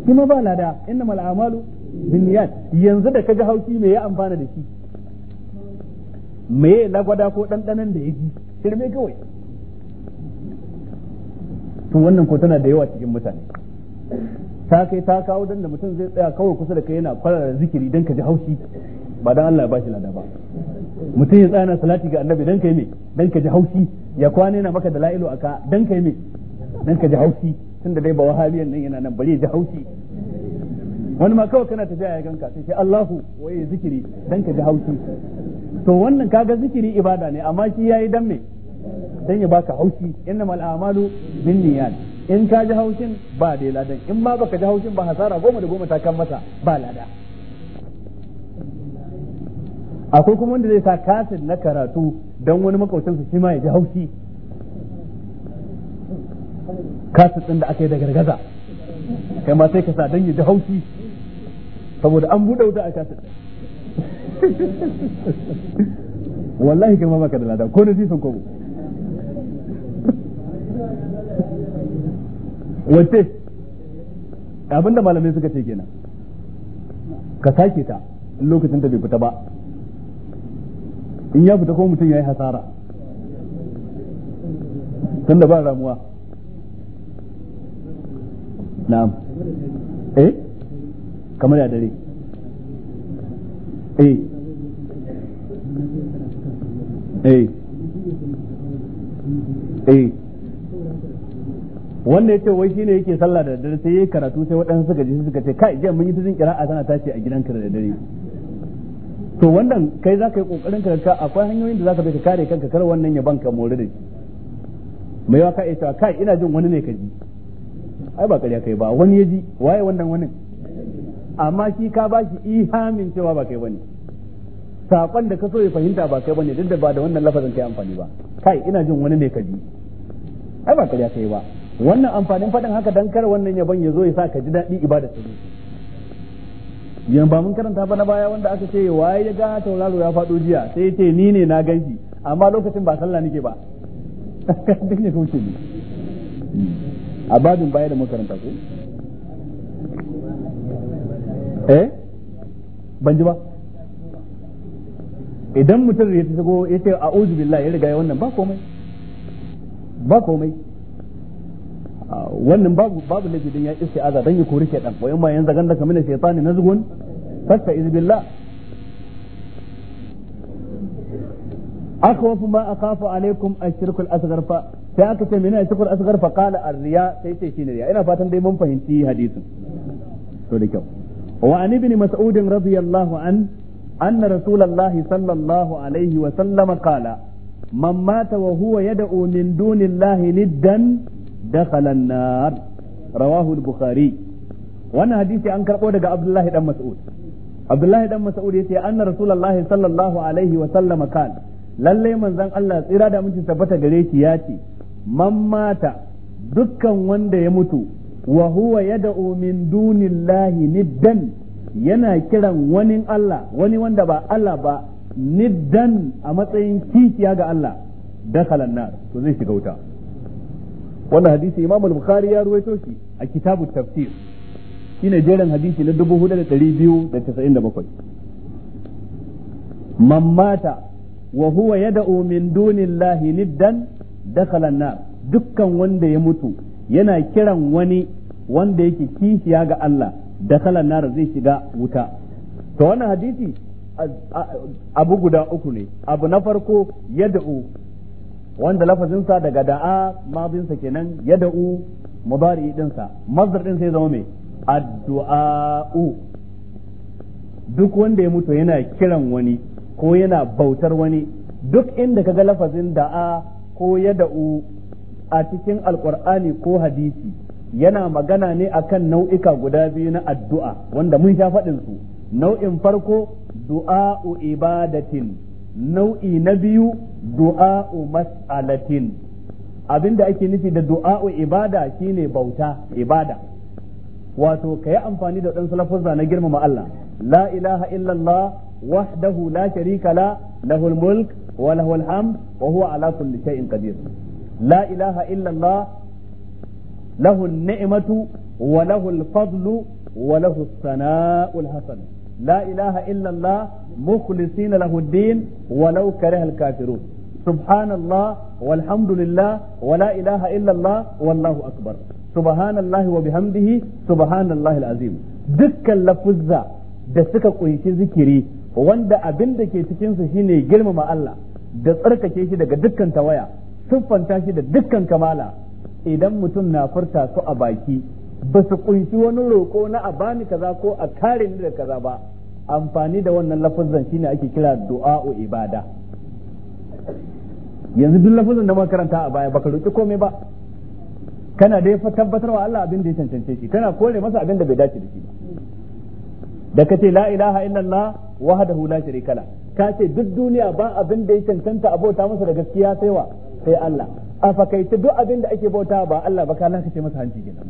shi ma ba lada mal a'malu binniyat yanzu da kaga hauki me ya amfana da shi me ya lagwada ko danan da yaji shirme kawai to wannan ko tana da yawa cikin mutane ta kai ta kawo dan da mutum zai tsaya kawai kusa da kai yana kwarara zikiri dan ka ji haushi ba dan Allah ya bashi lada ba mutum ya tsaya na salati ga annabi dan kai me dan ka ji haushi ya kwana yana maka da la'ilu aka dan kai me dan ka ji haushi tunda dai ba wahabiyan nan yana nan bari ya ji haushi wani ma kawai kana tafiya ya ganka sai Allahu waye zikiri dan ka ji haushi to wannan kaga zikiri ibada ne amma shi yayi dan me dan ya baka haushi innamal a'malu niyyat in ka ji haushin ba dai ladan in ma baka ji haushin ba hasara goma da goma ta kan masa ba lada akwai kuma wanda zai sa kasin na karatu dan wani makaucinsa shi ma ya ji haushi kasu din da aka yi da gargaza kai ma sai ka sa dan ya da haushi saboda an buɗe wuta a kasu wallahi kai ma baka da lada ko da sisan kobo wace abinda malamai suka ce kenan ka sake ta lokacin da bai fita ba in ya fita ko mutum ya yi hasara tunda ba ramuwa na'am eh kamar ya dare eh eh eh wanda ya ce wai shine yake sallah da daddare sai yayi karatu sai waɗansu suka ji suka ce kai jiya mun yi ta kira'a tana tashi a gidanka da dare. to wannan kai za ka yi kokarin ka akwai hanyoyin da za ka bi ka kare kanka kar wannan ya banka more da shi mai yawa ka iya cewa kai ina jin wani ne ka ji ai ba ƙarya kai ba wani ya ji waye wannan wani amma shi ka ba shi ihamin cewa ba kai bane sakon da ka so ya fahimta ba kai bane duk da ba da wannan lafazin kai amfani ba kai ina jin wani ne ka ji ai ba ƙarya kai ba wannan amfanin faɗin haka dan kar wannan yaban ya zo ya sa ka ji daɗi ibada ta yan ba mun karanta ba na baya wanda aka ce waye ya ga tauraro ya faɗo jiya sai ya ce ni ne na ganshi amma lokacin ba sallah nake ba duk ne ce ni hmm. a babin baya da makaranta ko eh ban ji ba idan mutum ya tsago ya ce a uzu billahi ya riga ya wannan ba komai ba komai wannan babu babu laifi dan ya isti'aza dan ya kori shedan wa in ma yanzu ganda kamina shaytani nazgun fasta iz billah akhwafu ma kafa alaikum ashirkul asghar fa sai aka ce menene ashirkul asghar fa qala ar-riya sai ce shine riya ina fatan dai mun fahimci hadisin to da kyau wa an ibn mas'ud radiyallahu an anna rasulullah sallallahu alaihi wa sallama qala man mata wa huwa yad'u min dunillahi niddan dakhala an-nar rawahu al-bukhari wannan hadisi an karbo daga abdullahi dan mas'ud abdullahi dan mas'ud yace anna rasulullah sallallahu alaihi wa sallama qala lallai manzon Allah tsira da mutum tabbata gare shi ya ce man dukkan wanda ya mutu wa huwa yad'u min dunillahi niddan yana kiran wani Allah wani wanda ba Allah ba niddan a matsayin kikiya ga Allah dakhala nar to zai shiga wuta wannan hadisi Imam al-Bukhari ya ruwaito shi a kitabu tafsir shine jerin hadisi na 4297 man mata wa huwa yad'u min dunillahi niddan dakhala nar dukkan wanda ya mutu yana kiran wani wanda yake kishiya ga Allah dakhala zai shiga wuta to wannan hadisi abu guda uku ne abu na farko yad'u wanda lafazinsa daga da'a sa kenan yad'u din dinsa mazdar din sai zama mai addu'a duk wanda ya mutu yana kiran wani ko yana bautar wani duk inda kaga lafazin da'a ko ya da'u a cikin alkur'ani ko hadisi yana magana ne akan nau'ika guda biyu na addu'a wanda mun sha faɗin su nau'in farko du'a'u ibadatin nau'i na biyu du'a'u mas'alatin abinda ake nufi da du'a'u ibada shine bauta ibada wato ka yi amfani da waɗansu lafuzza na girmama Allah la ilaha illallah وحده لا شريك له له الملك وله الحمد وهو على كل شيء قدير لا إله إلا الله له النعمة وله الفضل وله الثناء الحسن لا إله إلا الله مخلصين له الدين ولو كره الكافرون سبحان الله والحمد لله ولا إله إلا الله والله أكبر سبحان الله وبحمده سبحان الله العظيم دكا لفزة da suka kunshi zikiri wanda abin da ke cikinsa shine girmama Allah da tsarkake shi daga dukkan tawaya siffanta shi da dukkan kamala idan mutum na furta su a baki ba su kunshi wani roko na a bani kaza ko a kare ni da kaza ba amfani da wannan lafazan shine ake kira du'a'u ibada yanzu duk lafazan da makaranta a baya baka roki komai ba kana dai fa tabbatarwa Allah abin da ya cancance shi kana kore masa abin da bai dace da shi ba da kace la ilaha illallah wahdahu la sharika la ka ce duk duniya ba abin da ya cancanta abota masa da gaskiya sai wa sai Allah a fakaita duk abin da ake bauta ba Allah ba ka lakace masa hanci kenan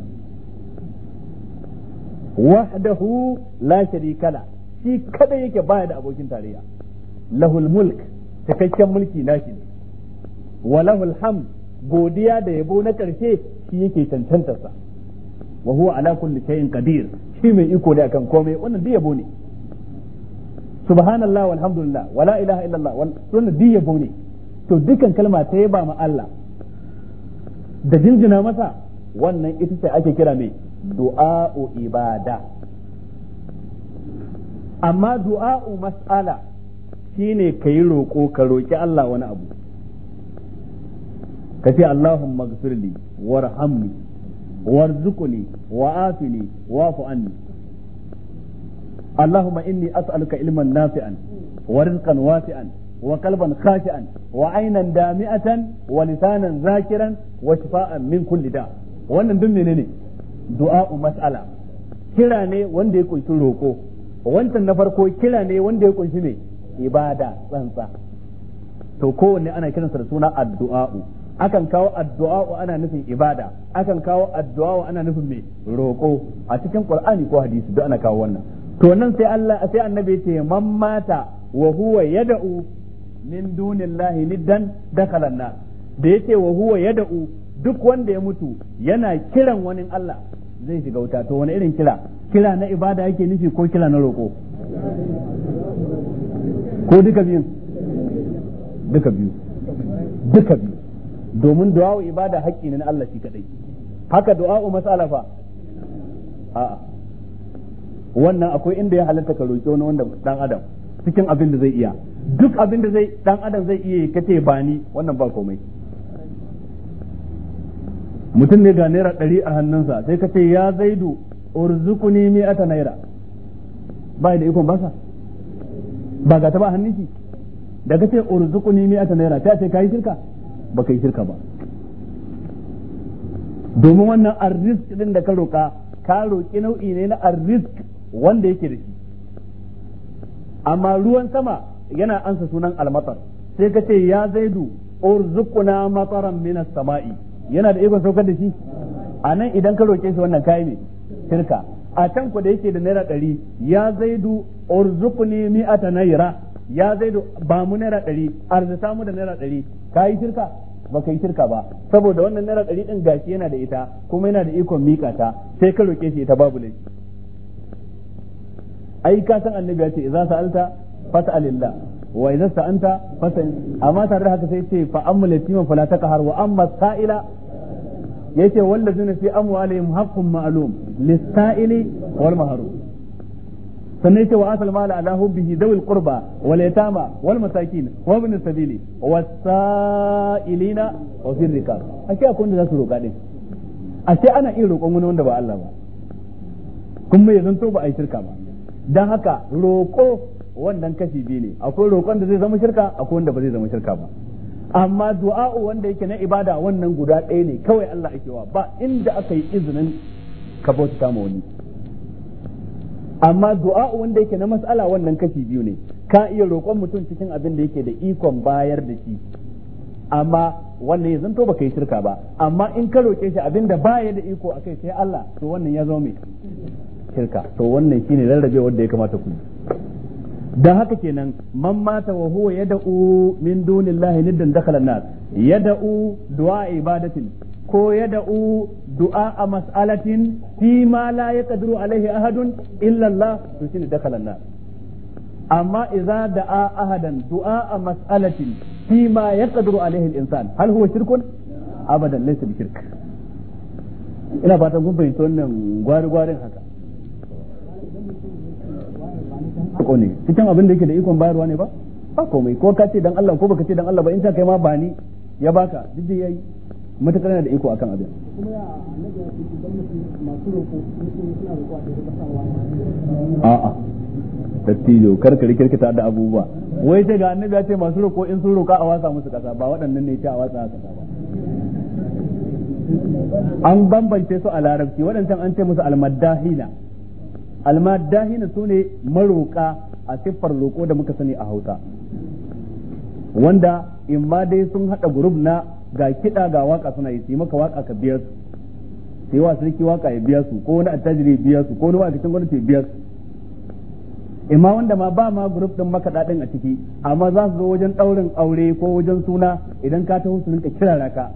wahdahu la sharika la shi kada yake baya da abokin tarayya lahul mulk cikakken mulki nashi ne wa lahul hamd godiya da yabo na karshe shi yake cancantarsa wa huwa ala kulli shay'in qadir shi mai iko ne akan komai wannan duk yabo ne subhanallah walhamdulillah wala ilaha illallah wal sunna di yabo ne to dukkan kalma ta yaba ma Allah da jinjina masa wannan ita ce ake kira mai du'a'u ibada amma du'a'u mas'ala shine kai roko ka roki Allah wani abu ka ce Allahumma ighfirli warhamni warzuqni wa'afini wa'fu anni اللهم إني أسألك علما نافعا ورزقا واسعا وقلبا خاشعا وعينا دامئة ولسانا ذاكرا وشفاء min كل داء wannan duk menene du'a'u mas'ala kira ne wanda ya kunshi roko wancan na farko kira ne wanda ya kunshi ne ibada tsantsa to kowanne ana kiransa da suna addu'a'u akan kawo addu'a'u ana nufin ibada akan kawo addu'a'u ana nufin me roƙo. a cikin qur'ani ko hadisi duk ana kawo wannan to nan sai Allah sai annabi ce man mata wa huwa yad'u min dunillahi niddan dakhala na da yace wa huwa yad'u duk wanda ya mutu yana kiran wani Allah zai shiga wuta to wani irin kira kira na ibada yake nufi ko kira na roko ko duka biyun duka biyu duka biyu domin du'a ibada haƙƙi ne na Allah shi kadai haka du'a masalafa a'a wannan akwai inda ya halatta ka roƙi wani wanda dan adam cikin abin da zai iya duk abin da zai dan adam zai iya kace ba ni wannan ba komai mutum ne ga naira ɗari a hannunsa sai ka ce ya zaidu urzukuni ata naira ba da ikon basa ba ga ta ba hannunki da ka ce urzukuni ata naira ta ce ka yi shirka ba ka yi shirka ba domin wannan arzik din da ka roƙa ka roƙi nau'i ne na arzik wanda yake da shi amma ruwan sama yana ansa sunan almatar sai ka ce ya zaidu urzuquna mataran minas sama'i yana da ikon saukar da shi a nan idan ka roke shi wannan kai ne shirka a can ku da yake da naira ɗari ya zaidu urzuquni mi'ata naira ya zaidu ba mu naira ɗari arzuta mu da naira ɗari kayi shirka ba kai yi shirka ba saboda wannan naira ɗari ɗin gashi yana da ita kuma yana da ikon mika ta sai ka roke shi ita babu laifi ai ka san annabi ya ce idza sa'alta fas'alillah wa idza sa'anta fas'al amma tare da haka sai ce fa ammul yatima fala taqhar wa amma sa'ila yace wallazina fi amwalihim haqqun ma'lum lis-sa'ili wal mahrum sannan yace wa asal mala ala hubbihi dawil qurba wal yatama wal masakin wa ibn sabili was-sa'ilina wa fi rikab ake akwai wanda za su roka din ashe ana iya roƙon wani wanda ba Allah ba kuma ya zanto ba a yi shirka ba Don haka roƙo wannan kashi biyu ne akwai roƙon da zai zama shirka akwai wanda ba zai zama shirka ba amma du'a'u wanda yake na ibada wannan guda ɗaya ne kawai Allah ake wa ba inda aka yi izinin ka bauta ma wani amma du'a'u wanda yake na mas'ala wannan kashi biyu ne ka iya roƙon mutum cikin abin da yake da ikon bayar da shi amma wannan ya zanto baka yi shirka ba amma in ka roƙe shi abin da baya da iko akai sai Allah to wannan ya zama mai shirka to wannan shine rarrabe wanda ya kamata ku da haka kenan man mata wa huwa yad'u min dunillahi niddan dakhala an-nar yad'u du'a ibadatin ko yad'u du'a a mas'alatin fi ma la yaqdiru alaihi ahadun illa Allah to shine dakhala an-nar amma idza da'a ahadan du'a a mas'alatin fi ma yaqdiru alaihi al-insan hal huwa shirkun abadan laysa bi shirk ina fatan kun fahimci wannan gwari-gwarin haka riko ne cikin abin da yake da ikon bayarwa ne ba ba komai ko ka ce dan Allah ko baka ce dan Allah ba in ta kai ma ba ni ya baka duk da yayi matakar yana da iko akan abin a'a dattijo karkari kirkita da abubuwa wai ce ga annabi ya ce masu roko in sun roka a wasa musu kasa ba waɗannan ne ce a wasa kasa ba an bambance su a larabci waɗancan an ce musu almaddahila almadahina su ne maroƙa a siffar roƙo da muka sani a hausa wanda in ma dai sun haɗa gurub na ga kiɗa ga waka suna yi su maka waka ka biya su sai wa sarki waka ya biya su ko wani attajiri ya biya su ko wani ma'aikacin gwamnati ya biya su imma wanda ma ba ma group din maka din a ciki amma za su zo wajen ɗaurin aure ko wajen suna idan ka taho su rinka kirara ka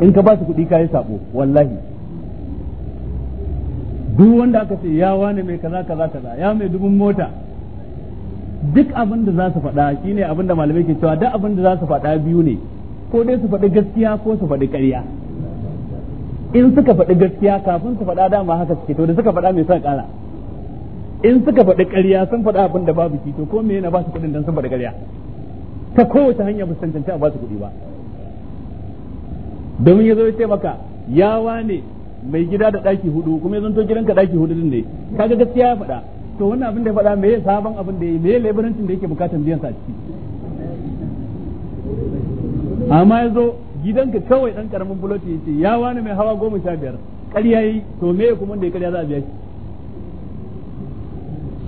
in ka ba su kuɗi ka yi sabo wallahi duk wanda aka ce ya wane mai kaza kaza kaza ya mai dubun mota duk abin da za su faɗa shine abin da malamai ke cewa duk abin da za su faɗa biyu ne ko dai su faɗi gaskiya ko su faɗi ƙarya in suka faɗi gaskiya kafin su faɗa dama haka suke to da suka faɗa mai sa ƙara in suka faɗi ƙarya sun faɗa abin da babu shi to ko me yana ba su kuɗin dan sun faɗi ƙarya ta kowace hanya ba su cancanci a ba su kuɗi ba domin ya zo ya ce maka ya wane mai gida da daki hudu kuma ya zanto gidanka daki hudu din ne kaga gaskiya ya faɗa to wannan abin da ya faɗa meye sabon abin da ya meye leburancin da yake bukatan biyan sa a ciki amma ya zo gidanka kawai dan karamin buloti ya ce ya wani mai hawa goma sha biyar karya yi to meye kuma da ya ƙarya za a biya shi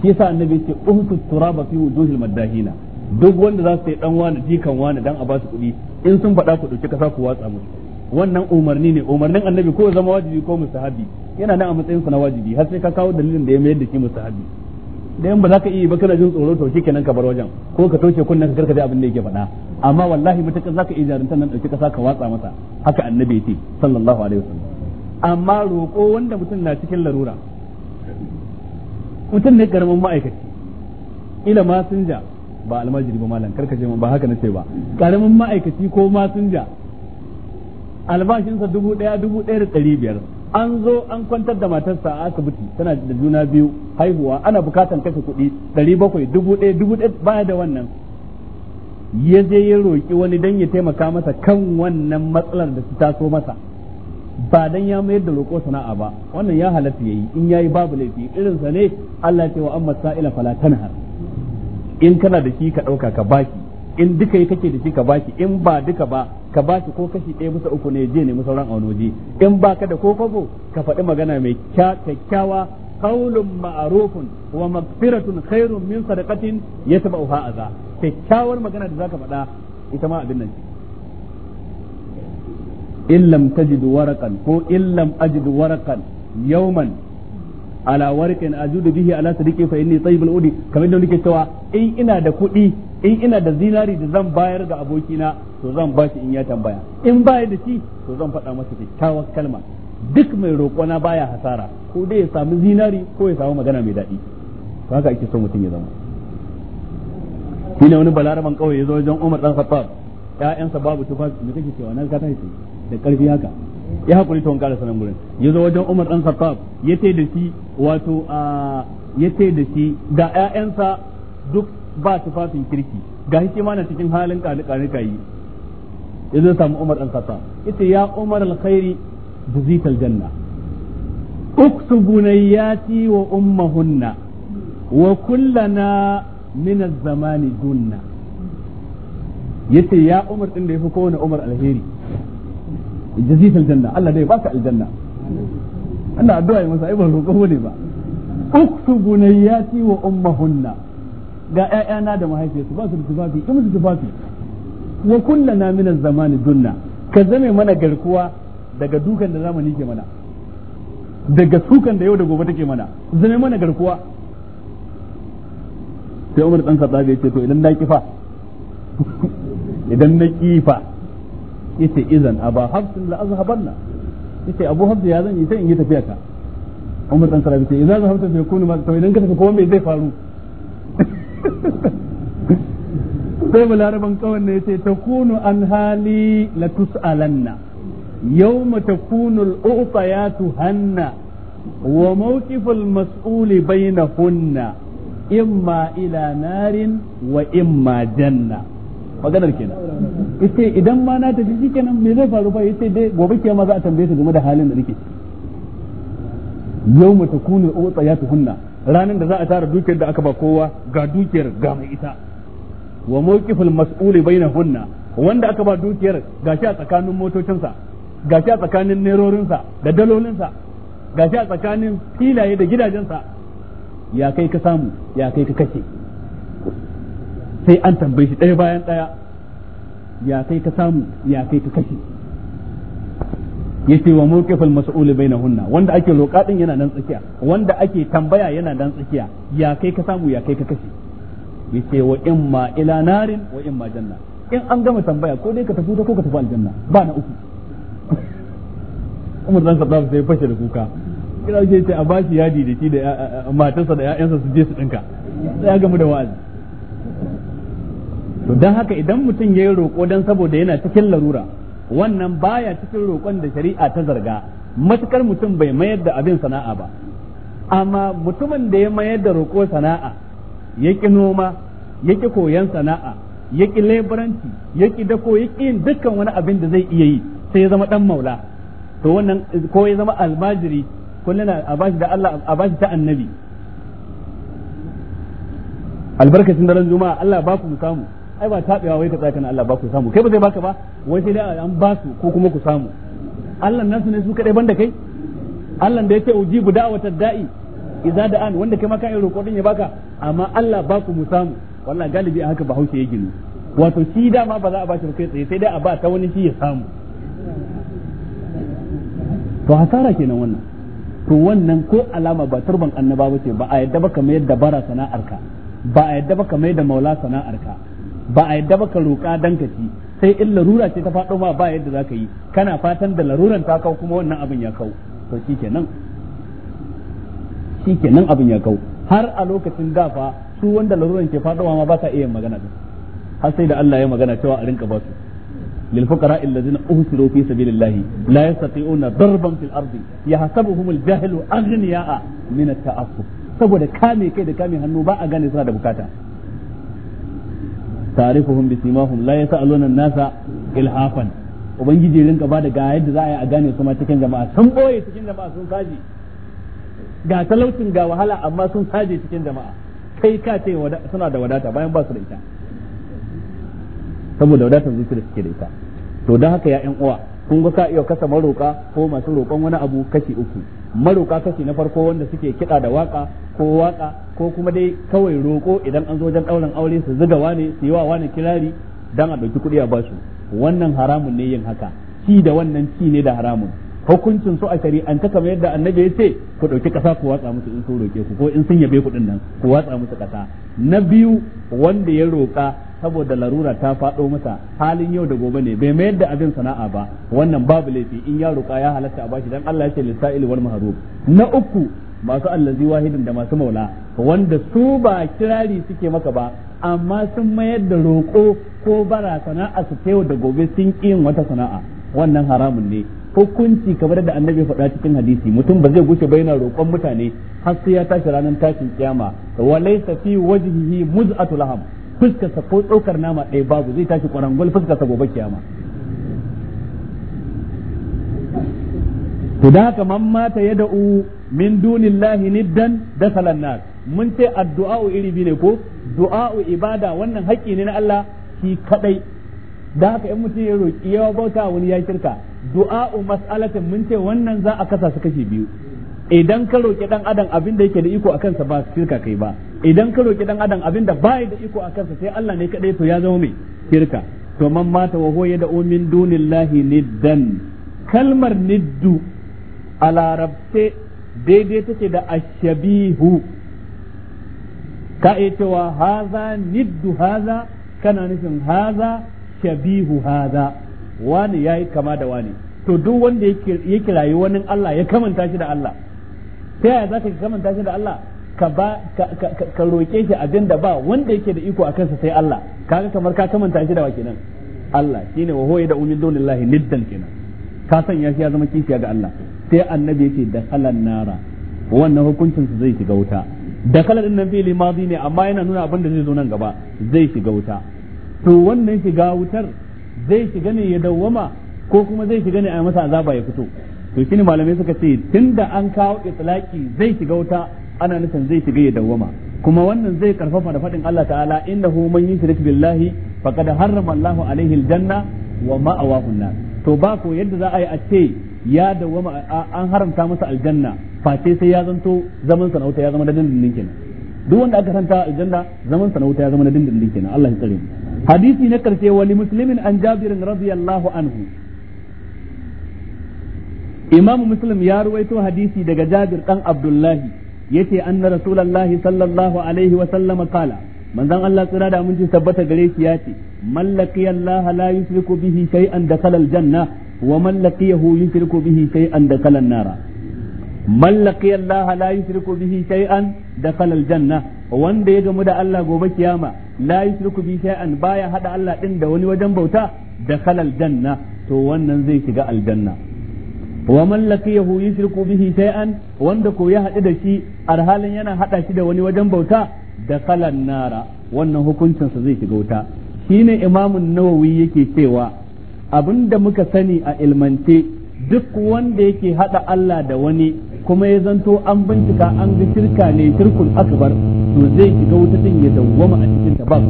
shi yasa annabi ce umtu turaba fi wujuhil maddahina duk wanda za su yi dan wani jikan wani dan a ba su kuɗi in sun faɗa ku ɗauki kasa ku watsa musu wannan umarni ne umarnin annabi ko zama wajibi ko musahabi yana nan a matsayin sa na wajibi har sai ka kawo dalilin da ya mayar da shi da yan ba za ka iya ba kana jin tsoro to kenan ka bar wajen ko ka toshe kunnen ka karkaje abin da yake faɗa amma wallahi mutaka za ka iya jarunta nan dauki kasa ka watsa masa haka annabi yake sallallahu alaihi wasallam amma roƙo wanda mutum na cikin larura mutum ne karamin ma'aikaci ila masinja ba almajiri ba malam karkaje ba haka nace ba karamin ma'aikaci ko masinja albashinsa dubu ɗaya dubu ɗaya da ɗari biyar an zo an kwantar da matarsa a asibiti tana da juna biyu haihuwa ana bukatan kashe kuɗi ɗari bakwai dubu ɗaya dubu ɗaya baya da wannan ya je ya roƙi wani dan ya taimaka masa kan wannan matsalar da su taso masa ba dan ya mayar da roƙo sana'a ba wannan ya halatta yayi in yayi babu laifi irin sa ne Allah ya ce wa amma sa'ila fala tanhar in kana da shi ka ɗauka ka baki in duka yi kake da shi ka bashi in ba duka ba ka bashi ko kashi ɗaya bisa uku ne je nemi sauran a waje in ba ka da ko fago ka faɗi magana mai kyakkyawa kaulun ma'arufun wa magfiratun khairun min sadaqatin yatba'uha aza kyakkyawar magana da zaka faɗa ita ma abin nan in lam tajidu waraqan ko in lam ajidu waraqan yawman ala warqin ajudu bihi ala sadiqi fa inni tayyibul udi kamar da nake cewa in ina da kuɗi in ina da zinari da zan bayar ga abokina to zan ba shi in ya tambaya in baya da shi to zan faɗa masa kyakkyawar kalma duk mai roƙona baya hasara ko dai ya samu zinari ko ya samu magana mai daɗi to haka ake son mutum ya zama shine wani balaraban kawai ya zo wajen Umar dan Khattab ƴaƴansa babu tufafi me kake cewa nan ka tashi da ƙarfi haka ya hakuri to kara sanan gurin ya zo wajen Umar dan Khattab ya da shi wato a ya da shi da ƴaƴansa duk ba tufafin kirki ga shi ma na cikin halin kalika ka yi yanzu samu Umar dan Khattab yace ya Umar al-khairi juzita al-janna اكتب نياتي وأمهن وكلنا من الزمان جنة yace ya umar din da yafi kowane umar alheri jazit aljanna Allah dai baka aljanna Allah addu'a yi masa ai ban roƙo ne ba uktubu nayyati wa ummahunna ga ƴaƴana da mahaifiyarsu ba su da tufafi in su tufafi wa kulla na mina zamani dunna ka zame mana garkuwa daga dukan da zamani ke mana daga sukan da yau da gobe take mana zame mana garkuwa sai Umar dan Khattab ya ce to idan na kifa idan na kifa yace izan aba hafsin la azhabanna yace Abu Hafs ya zan yi sai in yi tafiya ka Umar dan Khattab ya ce idan zahabta ya kunu ma to idan ka tafi ko me zai faru sai balaraban kawan ne ta kunu an hali la tusalanna yawma kunu al tu hanna wa mawqifu al-mas'uli bainahunna imma ila narin wa imma janna maganar kenan yace idan ma na tafi shikenan me zai faru fa yace dai gobe kiyama za a tambaye su game da halin da nake yawma kunu al-uqayatu hanna ranar da za a tara dukiyar da aka ba kowa ga dukiyar ga mai ita wa mawqiful mas'uli bainahunna wanda aka ba dukiyar gashi a tsakanin motocinsa gashi a tsakanin nerorinsa da dalolinsa gashi a tsakanin filaye da gidajensa ya kai ka samu ya kai ka kashe sai an tambaye shi ɗaya bayan ɗaya ya kai ka samu ya kai ka kashe yace wa mawqifal mas'ul bainahunna wanda ake roƙa din yana nan tsakiya wanda ake tambaya yana nan tsakiya ya kai ka samu ya kai ka kashe yace wa imma ila narin wa imma janna in an gama tambaya ko dai ka tafi ko ka tafi aljanna ba na uku Umar dan Khattab sai fashe da kuka kira ce a bashi yadi da shi da matarsa da ƴaƴansa su je su dinka sai ya gamu da wa'azi to dan haka idan mutum yayi roƙo dan saboda yana cikin larura wannan baya cikin roƙon da shari'a ta zarga matukar mutum bai mayar da abin sana'a ba amma mutumin da ya mayar da roƙo sana'a ya ƙi noma ya ƙi koyon sana'a ya ƙi leburanci ya ƙi dako ya ƙi yin dukkan wani abin da zai iya yi sai ya zama ɗan maula to wannan ko ya zama almajiri kullum a bashi da Allah a bashi ta annabi albarkacin daren juma'a Allah ba ku mu samu ai ba tabewa wai ka tsaya kana Allah ba ku samu kai ba zai baka ba wai sai dai an ba su ko kuma ku samu Allah nan su ne su kadai banda kai Allah da yake ujibu da'wata da'i idza da'an wanda kai ma kan roƙo din ya baka amma Allah ba ku mu samu wallahi galibi a haka Bahaushe ya ginu wato shi dama ba za a ba shi kai tsaye sai dai a ba ta wani shi ya samu to hasara kenan wannan to wannan ko alama ba turban annaba ba ce ba a yadda ba kamar yadda bara sana'arka ba a yadda ba kamar yadda maula sana'arka ba a yadda ba ka roƙa dan ka ci sai in larura ce ta faɗo ma ba yadda za ka yi kana fatan da laruran ta kau kuma wannan abin ya kau to shikenan shikenan abin ya kau har a lokacin dafa su wanda laruran ke faɗowa ma ba sa iya magana din har sai da Allah ya magana cewa a rinka ba su lil fuqara alladhina uhsiru fi sabilillahi la yastati'una darban fil ardi yahsabuhumul jahilu aghniya'a min at-ta'assub saboda kame kai da kame hannu ba a gane suna da bukata ta'rifuhum bi simahum la yas'aluna an-nasa ilhafan ubangiji rinka ba da ga yadda za a yi a gane su ma cikin jama'a sun boye cikin jama'a sun saje ga talaucin ga wahala amma sun saje cikin jama'a kai ka ce suna da wadata bayan ba su da ita saboda wadatar zuciya da suke da ita to don haka ya yan uwa kun ga ka iya kasa maroka ko masu roƙon wani abu kashi uku maroka kashi na farko wanda suke kiɗa da waka ko waka ko kuma dai kawai roƙo idan an zo wajen ɗaurin aure su zuga wane su yi wa wane kirari dan a ɗauki kuɗi a basu wannan haramun ne yin haka ci da wannan ci ne da haramun hukuncin su a shari'anta kamar yadda annabi ya ce ku ɗauki ƙasa ku watsa musu in sun roƙe ku ko in sun yabe kuɗin nan ku watsa musu ƙasa na biyu wanda ya roƙa. saboda larura ta faɗo masa halin yau da gobe ne bai mayar da abin sana'a ba wannan babu laifi in ya roƙa ya halatta a bashi dan Allah ya ce lisa'il wal mahrub na uku masu allazi wahidin da masu maula wanda su ba kirari suke maka ba amma sun mayar da roƙo ko bara sana'a su da gobe sun ƙi wata sana'a wannan haramun ne hukunci kamar da annabi faɗa cikin hadisi mutum ba zai gushe ba yana roƙon mutane har sai ya tashi ranar tashin kiyama wa fi wajhihi muz'atu laham fuskarsa ko tsokar nama ɗaya babu zai tashi kwarangwal fuskarsa gobe kiyama to haka man mata ya da'u min dunillahi niddan da salannar mun ce addu'a'u iri biyu ne ko du'a'u ibada wannan haƙƙi ne na Allah shi kaɗai, da haka in mutum ya roƙi yawa bauta wani ya shirka du'a'u mas'alatin mun ce wannan za a kasa su kashi biyu idan ka roƙi dan adam abin da yake da iko akan sa ba shirka kai ba idan ka roƙi dan adam abin da bai da iko akan sa sai Allah ne kadai to ya zama mai shirka to man mata wa huwa yad'u min dunillahi niddan kalmar niddu a larabce daidai take da ashabihu ka cewa haza niddu haza kana nufin haza shabihu haza wani ya yi kama da wani to duk wanda ya kirayi wani Allah ya kamanta shi da Allah ta yaya za ka kamanta shi da Allah ka ba ka roƙe shi abin da ba wanda yake da iko a kansa sai Allah kaga kamar ka kamanta shi da wa kenan Allah shine wa huwa da umin dunillahi niddan kenan ka sanya shi ya zama kishiya ga Allah sai annabi yake da kalan nara wannan hukuncin su zai shiga wuta da kalan din nan fili madi ne amma yana nuna abin da zai zo nan gaba zai shiga wuta to wannan shiga wutar zai shiga ne ya dawwama ko kuma zai shiga ne a masa azaba ya fito to ne malamai suka ce tun da an kawo itlaki zai shiga wuta ana nufin zai shiga ya dawwama kuma wannan zai karfafa da faɗin Allah ta'ala innahu man yushrik billahi faqad harrama Allahu alaihi aljanna wa ma'awahu an to ba ko yadda za a yi a ce ya dawwama an haramta masa aljanna face sai ya zanto zaman sa ya zama na dindindin kenan duk wanda aka santa aljanna zaman sa ya zama na dindindin kenan Allah ya tsare hadisi na karshe wali muslimin an jabirin radiyallahu anhu imam muslim ya ruwaito hadisi daga jabir dan abdullahi yace anna rasulullahi sallallahu alaihi wa sallam qala manzon Allah tsira da mun tabbata gare shi yace man laqiya Allah la yushriku bihi shay'an da al-janna wa man laqiyahu yushriku bihi shay'an da an-nara man laqiya Allah la yushriku bihi shay'an da al-janna wanda ya gamu da Allah gobe kiyama la yushriku bihi shay'an baya hada Allah din da wani wajen bauta da al-janna to wannan zai shiga aljanna wa man laqiyahu yushriku bihi shay'an wanda ko ya hadu da shi arhalin yana hada shi da wani wajen bauta da kalan nara wannan hukuncin sa zai shiga wuta shine imamun nawawi yake cewa abinda muka sani a ilmante duk wanda yake hada Allah da wani kuma ya zanto an bincika an ga shirka ne shirkul akbar to zai shiga wuta din ya dawwama a cikin ta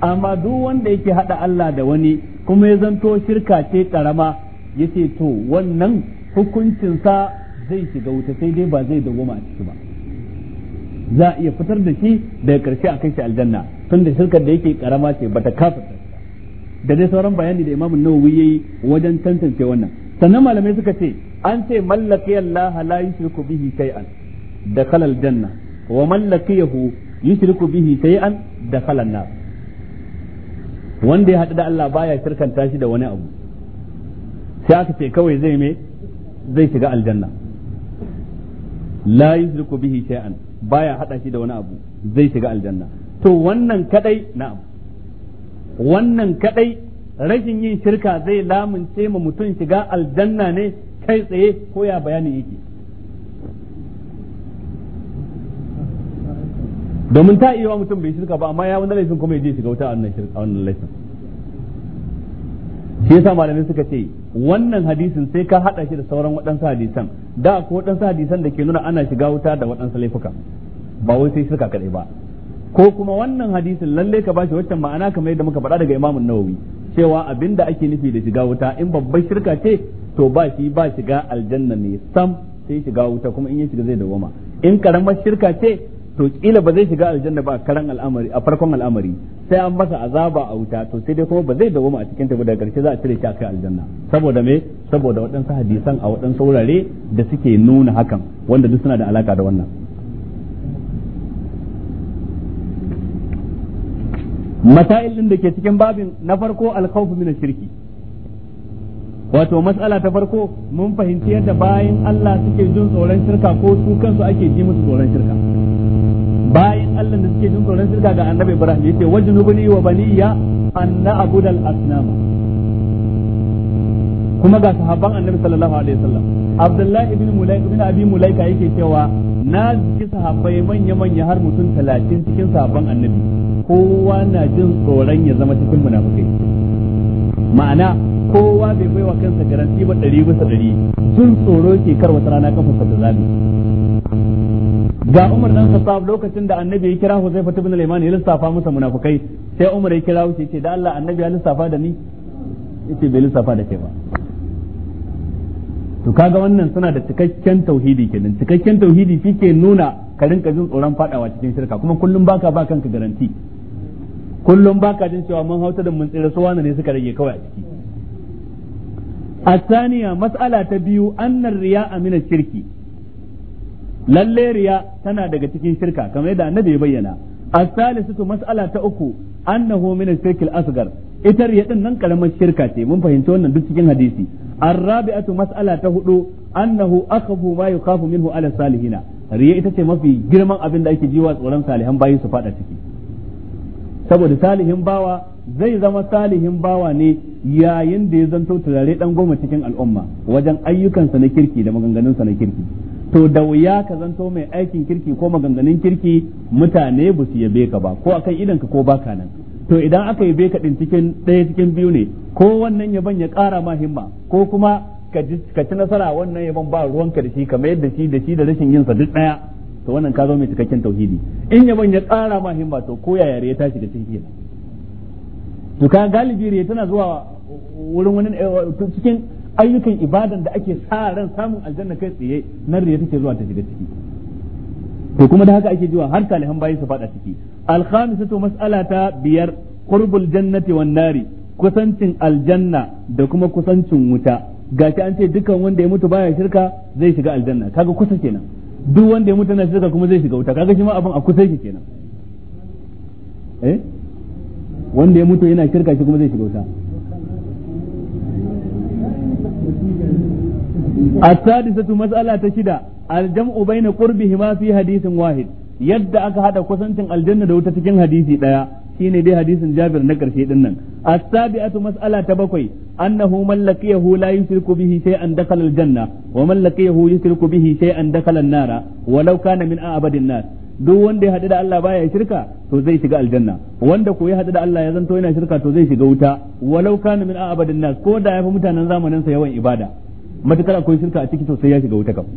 amma duk wanda yake hada Allah da wani kuma ya zanto shirka ce karama yace to wannan hukuncin sa zai shiga wuta sai dai ba zai dawoma a ciki ba za a iya fitar da shi daga karshe a kai shi aljanna tun da shirkar da yake karama ce bata kafirta da dai sauran bayani da imamun nawawi yayi wajen tantance wannan sannan malamai suka ce an ce mallaki Allah la yushriku bihi shay'an dakhala aljanna wa mallakiyahu yushriku bihi shay'an dakhala an-nar wanda ya hadu da Allah baya shirkanta shi da wani abu sai aka ce kawai zai me zai shiga aljanna la yuzriku bihi shay'an baya hada shi da wani abu zai shiga aljanna to wannan kadai na'am wannan kadai rashin yin shirka zai lamunce ma mutum shiga aljanna ne kai tsaye ko ya bayani yake domin ta iya mutum bai shirka ba amma ya wani laifin kuma ya je shiga wuta a wannan laifin shi yasa malamai suka ce wannan hadisin sai ka hada shi da sauran waɗansu hadisan da ko waɗansu hadisan da ke nuna ana shiga wuta da waɗansu laifuka ba wai sai shirka kadai ba ko kuma wannan hadisin lalle ka bashi waccan ma'ana kamar yadda muka faɗa daga imamun nawawi cewa abinda ake nufi da shiga wuta in babbar shirka ce to ba shi ba shiga aljanna ne sam sai shiga wuta kuma in ya shiga zai dawoma in karamar shirka ce to kila ba zai shiga aljanna ba a karan al'amari a farkon al'amari sai an masa azaba a wuta to sai dai kuma ba zai dawo a cikin ta ba daga karshe za a cire shi kai aljanna saboda me saboda waɗansu hadisan a waɗansu wurare da suke nuna hakan wanda duk suna da alaka da wannan masail din da ke cikin babin na farko alkhawf min shirki wato matsala ta farko mun fahimci yadda bayan Allah suke jin tsoron shirka ko su kansu ake ji musu tsoron shirka bayan Allah da suke jin tsoron shirka ga annabi Ibrahim yace bani wa baniya an na'budu al-asnam kuma ga sahabban annabi sallallahu alaihi wasallam Abdullahi ibn Mulaika ibn Abi Mulaika yake cewa na ji sahabbai manya manya har mutum 30 cikin sahabban annabi kowa na jin tsoron ya zama cikin munafikai ma'ana kowa bai baiwa kansa garanti ba ɗari bisa ɗari sun tsoro ke kar wata rana kafin da zabi ga Umar dan Khattab lokacin da Annabi ya kira Huzaifa ibn al-Yaman ya lissafa masa munafukai sai Umar ya kira shi ce da Allah Annabi ya lissafa da ni yace bai lissafa da kai ba to kaga wannan suna da cikakken tauhidi kenan cikakken tauhidi shike nuna ka rinka jin tsoron fadawa cikin shirka kuma kullum baka ba kanka garanti kullum baka jin cewa mun hauta da mun tsira su wani ne suka rage kawai a ciki الثانية مسألة تبيو Riya الرياء من الشرك shirka kamar da annabi ya bayyana a النبي يبينا ta uku تأكو أنه من الشرك الأصغر ita riya din nan karamar shirka ce mun fahimci wannan duk cikin hadisi Rabi'atu mas'ala ta hudu annahu akhafu ma yukhafu minhu ala salihina riya ita ce mafi girman abin da ake jiwa tsoron salihan bayi su fada ciki saboda salihin bawa zai zama salihin bawa ne yayin da ya zanto turare dan goma cikin al'umma wajen ayyukansa na kirki da maganganunsa na kirki to da wuya ka zanto mai aikin kirki ko maganganun kirki mutane ba su yabe ka ba ko akan idan ka ko baka nan to idan aka yabe ka din cikin ɗaya cikin biyu ne ko wannan yaban ya ƙara ma himma ko kuma ka ci nasara wannan yaban ba ruwanka da shi kamar yadda shi da shi da rashin yinsa duk ɗaya to wannan ka zo mai cikakken tauhidi in ya yaban ya tsara ma himma to ko yaya ya tashi da cikin to ka galibi riya tana zuwa wurin wani eh, cikin ayyukan ibadan da ake sa ran samun aljanna kai tsaye nan riya take zuwa ta shiga ciki to kuma da haka ake jiwa har talihan bayi su fada ciki khamisatu mas'alata biyar qurbul jannati wan nari kusancin aljanna da kuma kusancin wuta gashi an ce dukan wanda ya mutu baya shirka zai shiga aljanna kaga kusa kenan duk wanda ya mutu na shirka kuma zai shiga wuta kaga shi ma abin a kusa yake kenan eh wanda ya mutu yana shirka shi kuma zai shiga wuta السادسة مسألة تشدة الجمع بين قربهما في حديث واحد yadda aka hada kusancin aljanna da wuta cikin hadisi daya shine dai hadisin Jabir na karshe din nan as mas'ala ta bakwai أنه من لقيه لا يشرك به شيئا دخل الجنة ومن لقيه يشرك به شيئا دخل النار ولو كان من أعبد الناس duk wanda ya haɗu da Allah baya shirka to zai shiga aljanna wanda ko ya haɗu da Allah ya zanto yana shirka to zai shiga wuta walau kana min abadin nas ko da ya fi mutanen zamanin sa yawan ibada matakar akwai shirka a ciki to sai ya shiga wuta kam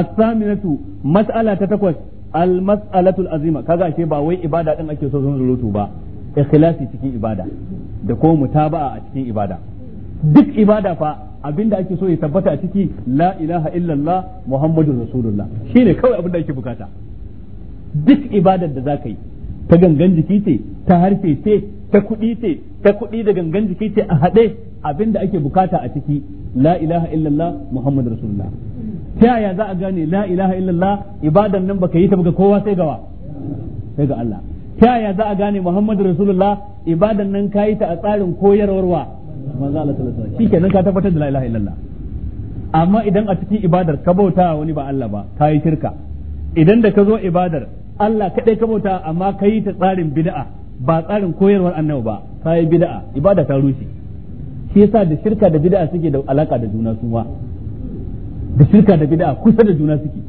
as-saminatu mas'ala ta takwas al-mas'alatu al-azima kaga ashe ba wai ibada din ake so zan rutu ba ikhlasi cikin ibada da kuma mutaba'a a cikin ibada duk ibada fa abinda ake so ya tabbata a ciki la ilaha illallah muhammadur rasulullah shine kawai abinda ake bukata duk ibadar da zaka yi ta gangan jiki ce ta harfe ce ta kuɗi ce ta kuɗi da gangan jiki ce a haɗe abinda ake bukata a ciki la ilaha illallah muhammadur rasulullah ta yaya za a gane la ilaha illallah ibadan nan baka yi ta baka kowa sai gawa sai ga Allah ta yaya za a gane Muhammadu Rasulullah ibadan nan kayi ta a tsarin koyarwarwa manzo Allah sallallahu alaihi wasallam ka tabbatar da la ilaha illallah amma idan a cikin ibadar ka bauta wani ba Allah ba kayi shirka idan da ka zo ibadar Allah kadai ka bauta amma kayi ta tsarin bid'a ba tsarin koyarwar annabi ba kayi bid'a ibada ta rushe shi yasa da shirka da bid'a suke da alaka da juna su ma da shirka da bid'a kusa da juna suke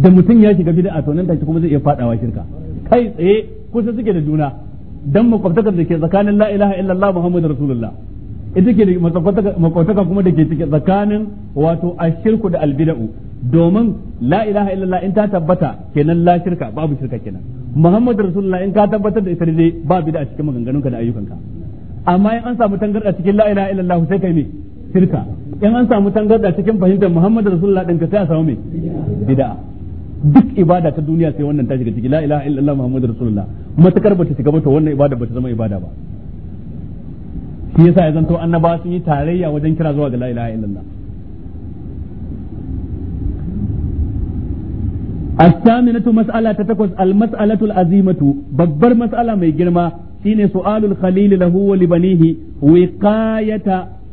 da mutum ya shiga bid'a to nan take kuma zai iya fadawa shirka kai tsaye kusa suke da juna dan makwabtakar da ke tsakanin la ilaha illallah muhammadur rasulullah ita ke makwabtaka kuma da ke cike tsakanin wato ashirku da albida'u domin la ilaha illallah in ta tabbata kenan la shirka babu shirka kenan muhammadur rasulullah in ka tabbatar da ita dai ba bid'a cikin maganganunka da ayyukanka amma in an samu tangarda cikin la ilaha illallah sai kai ne shirka in an samu tangarda cikin fahimtar muhammadur rasulullah din ka sai a samu me bid'a duk ibada ta duniya sai wannan ta shiga ciki la ilaha illallah muhammadur rasulullah matakar bata shiga ba wannan ibada bata zama ibada ba shi yasa ya zanto annaba sun yi tarayya wajen kira zuwa ga la ilaha illallah الثامنة مسألة تتكوز المسألة العظيمة ببر مسألة مي جرما سين سؤال الخليل له ولبنيه وقاية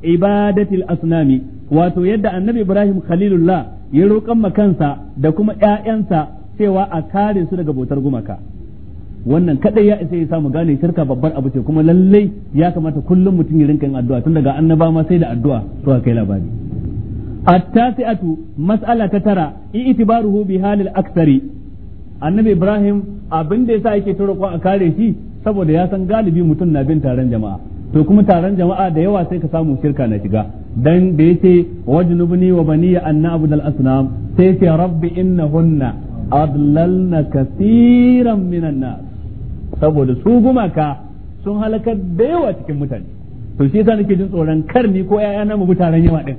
عبادة الأصنام واتو يد النبي إبراهيم خليل الله ya roƙon kansa da kuma ya'yansa cewa a kare su daga bautar gumaka wannan kadai ya isa ya samu gane shirka babbar abu ce kuma lallai ya kamata kullum mutum ya rinka yin addu'a tun daga annaba ma sai da addu'a to kai labari at-tasi'atu mas'ala ta tara i'tibaruhu bi halil aksari annabi ibrahim abin da yasa yake ta a kare shi saboda ya san galibi mutum na bin taron jama'a to kuma taron jama'a da yawa sai ka samu shirka na shiga dan da yace wajnubni wa bani an na'budu al-asnam sai ce rabbi innahunna adlalna kaseeran minan nas saboda su gumaka sun halakar da yawa cikin mutane to shi yasa nake jin tsoron kar ni ko yaya na mu taron yawa din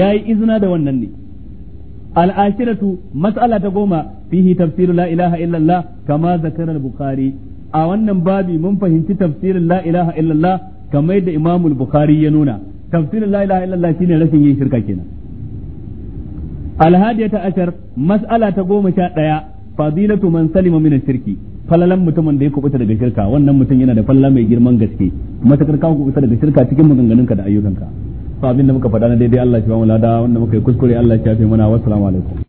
yayi izina da wannan ne al'ashiratu mas'ala ta goma fihi tafsiru la ilaha Allah, kama zakara al-bukhari a wannan babi mun fahimci tafsirin la ilaha illallah kamar yadda Imam Bukhari ya nuna tafsirin la ilaha illallah shine rashin yin shirka kenan alhadiyata ashar mas'ala ta goma sha ɗaya fadilatu man salima min shirki falalan mutumin da ya kubuta daga shirka wannan mutum yana da falala mai girman gaske matakar ka kubuta daga shirka cikin maganganunka da ayyukanka to abin da muka faɗa na daidai Allah ya ba mu lada wanda muka kuskure Allah ya shafe mana wassalamu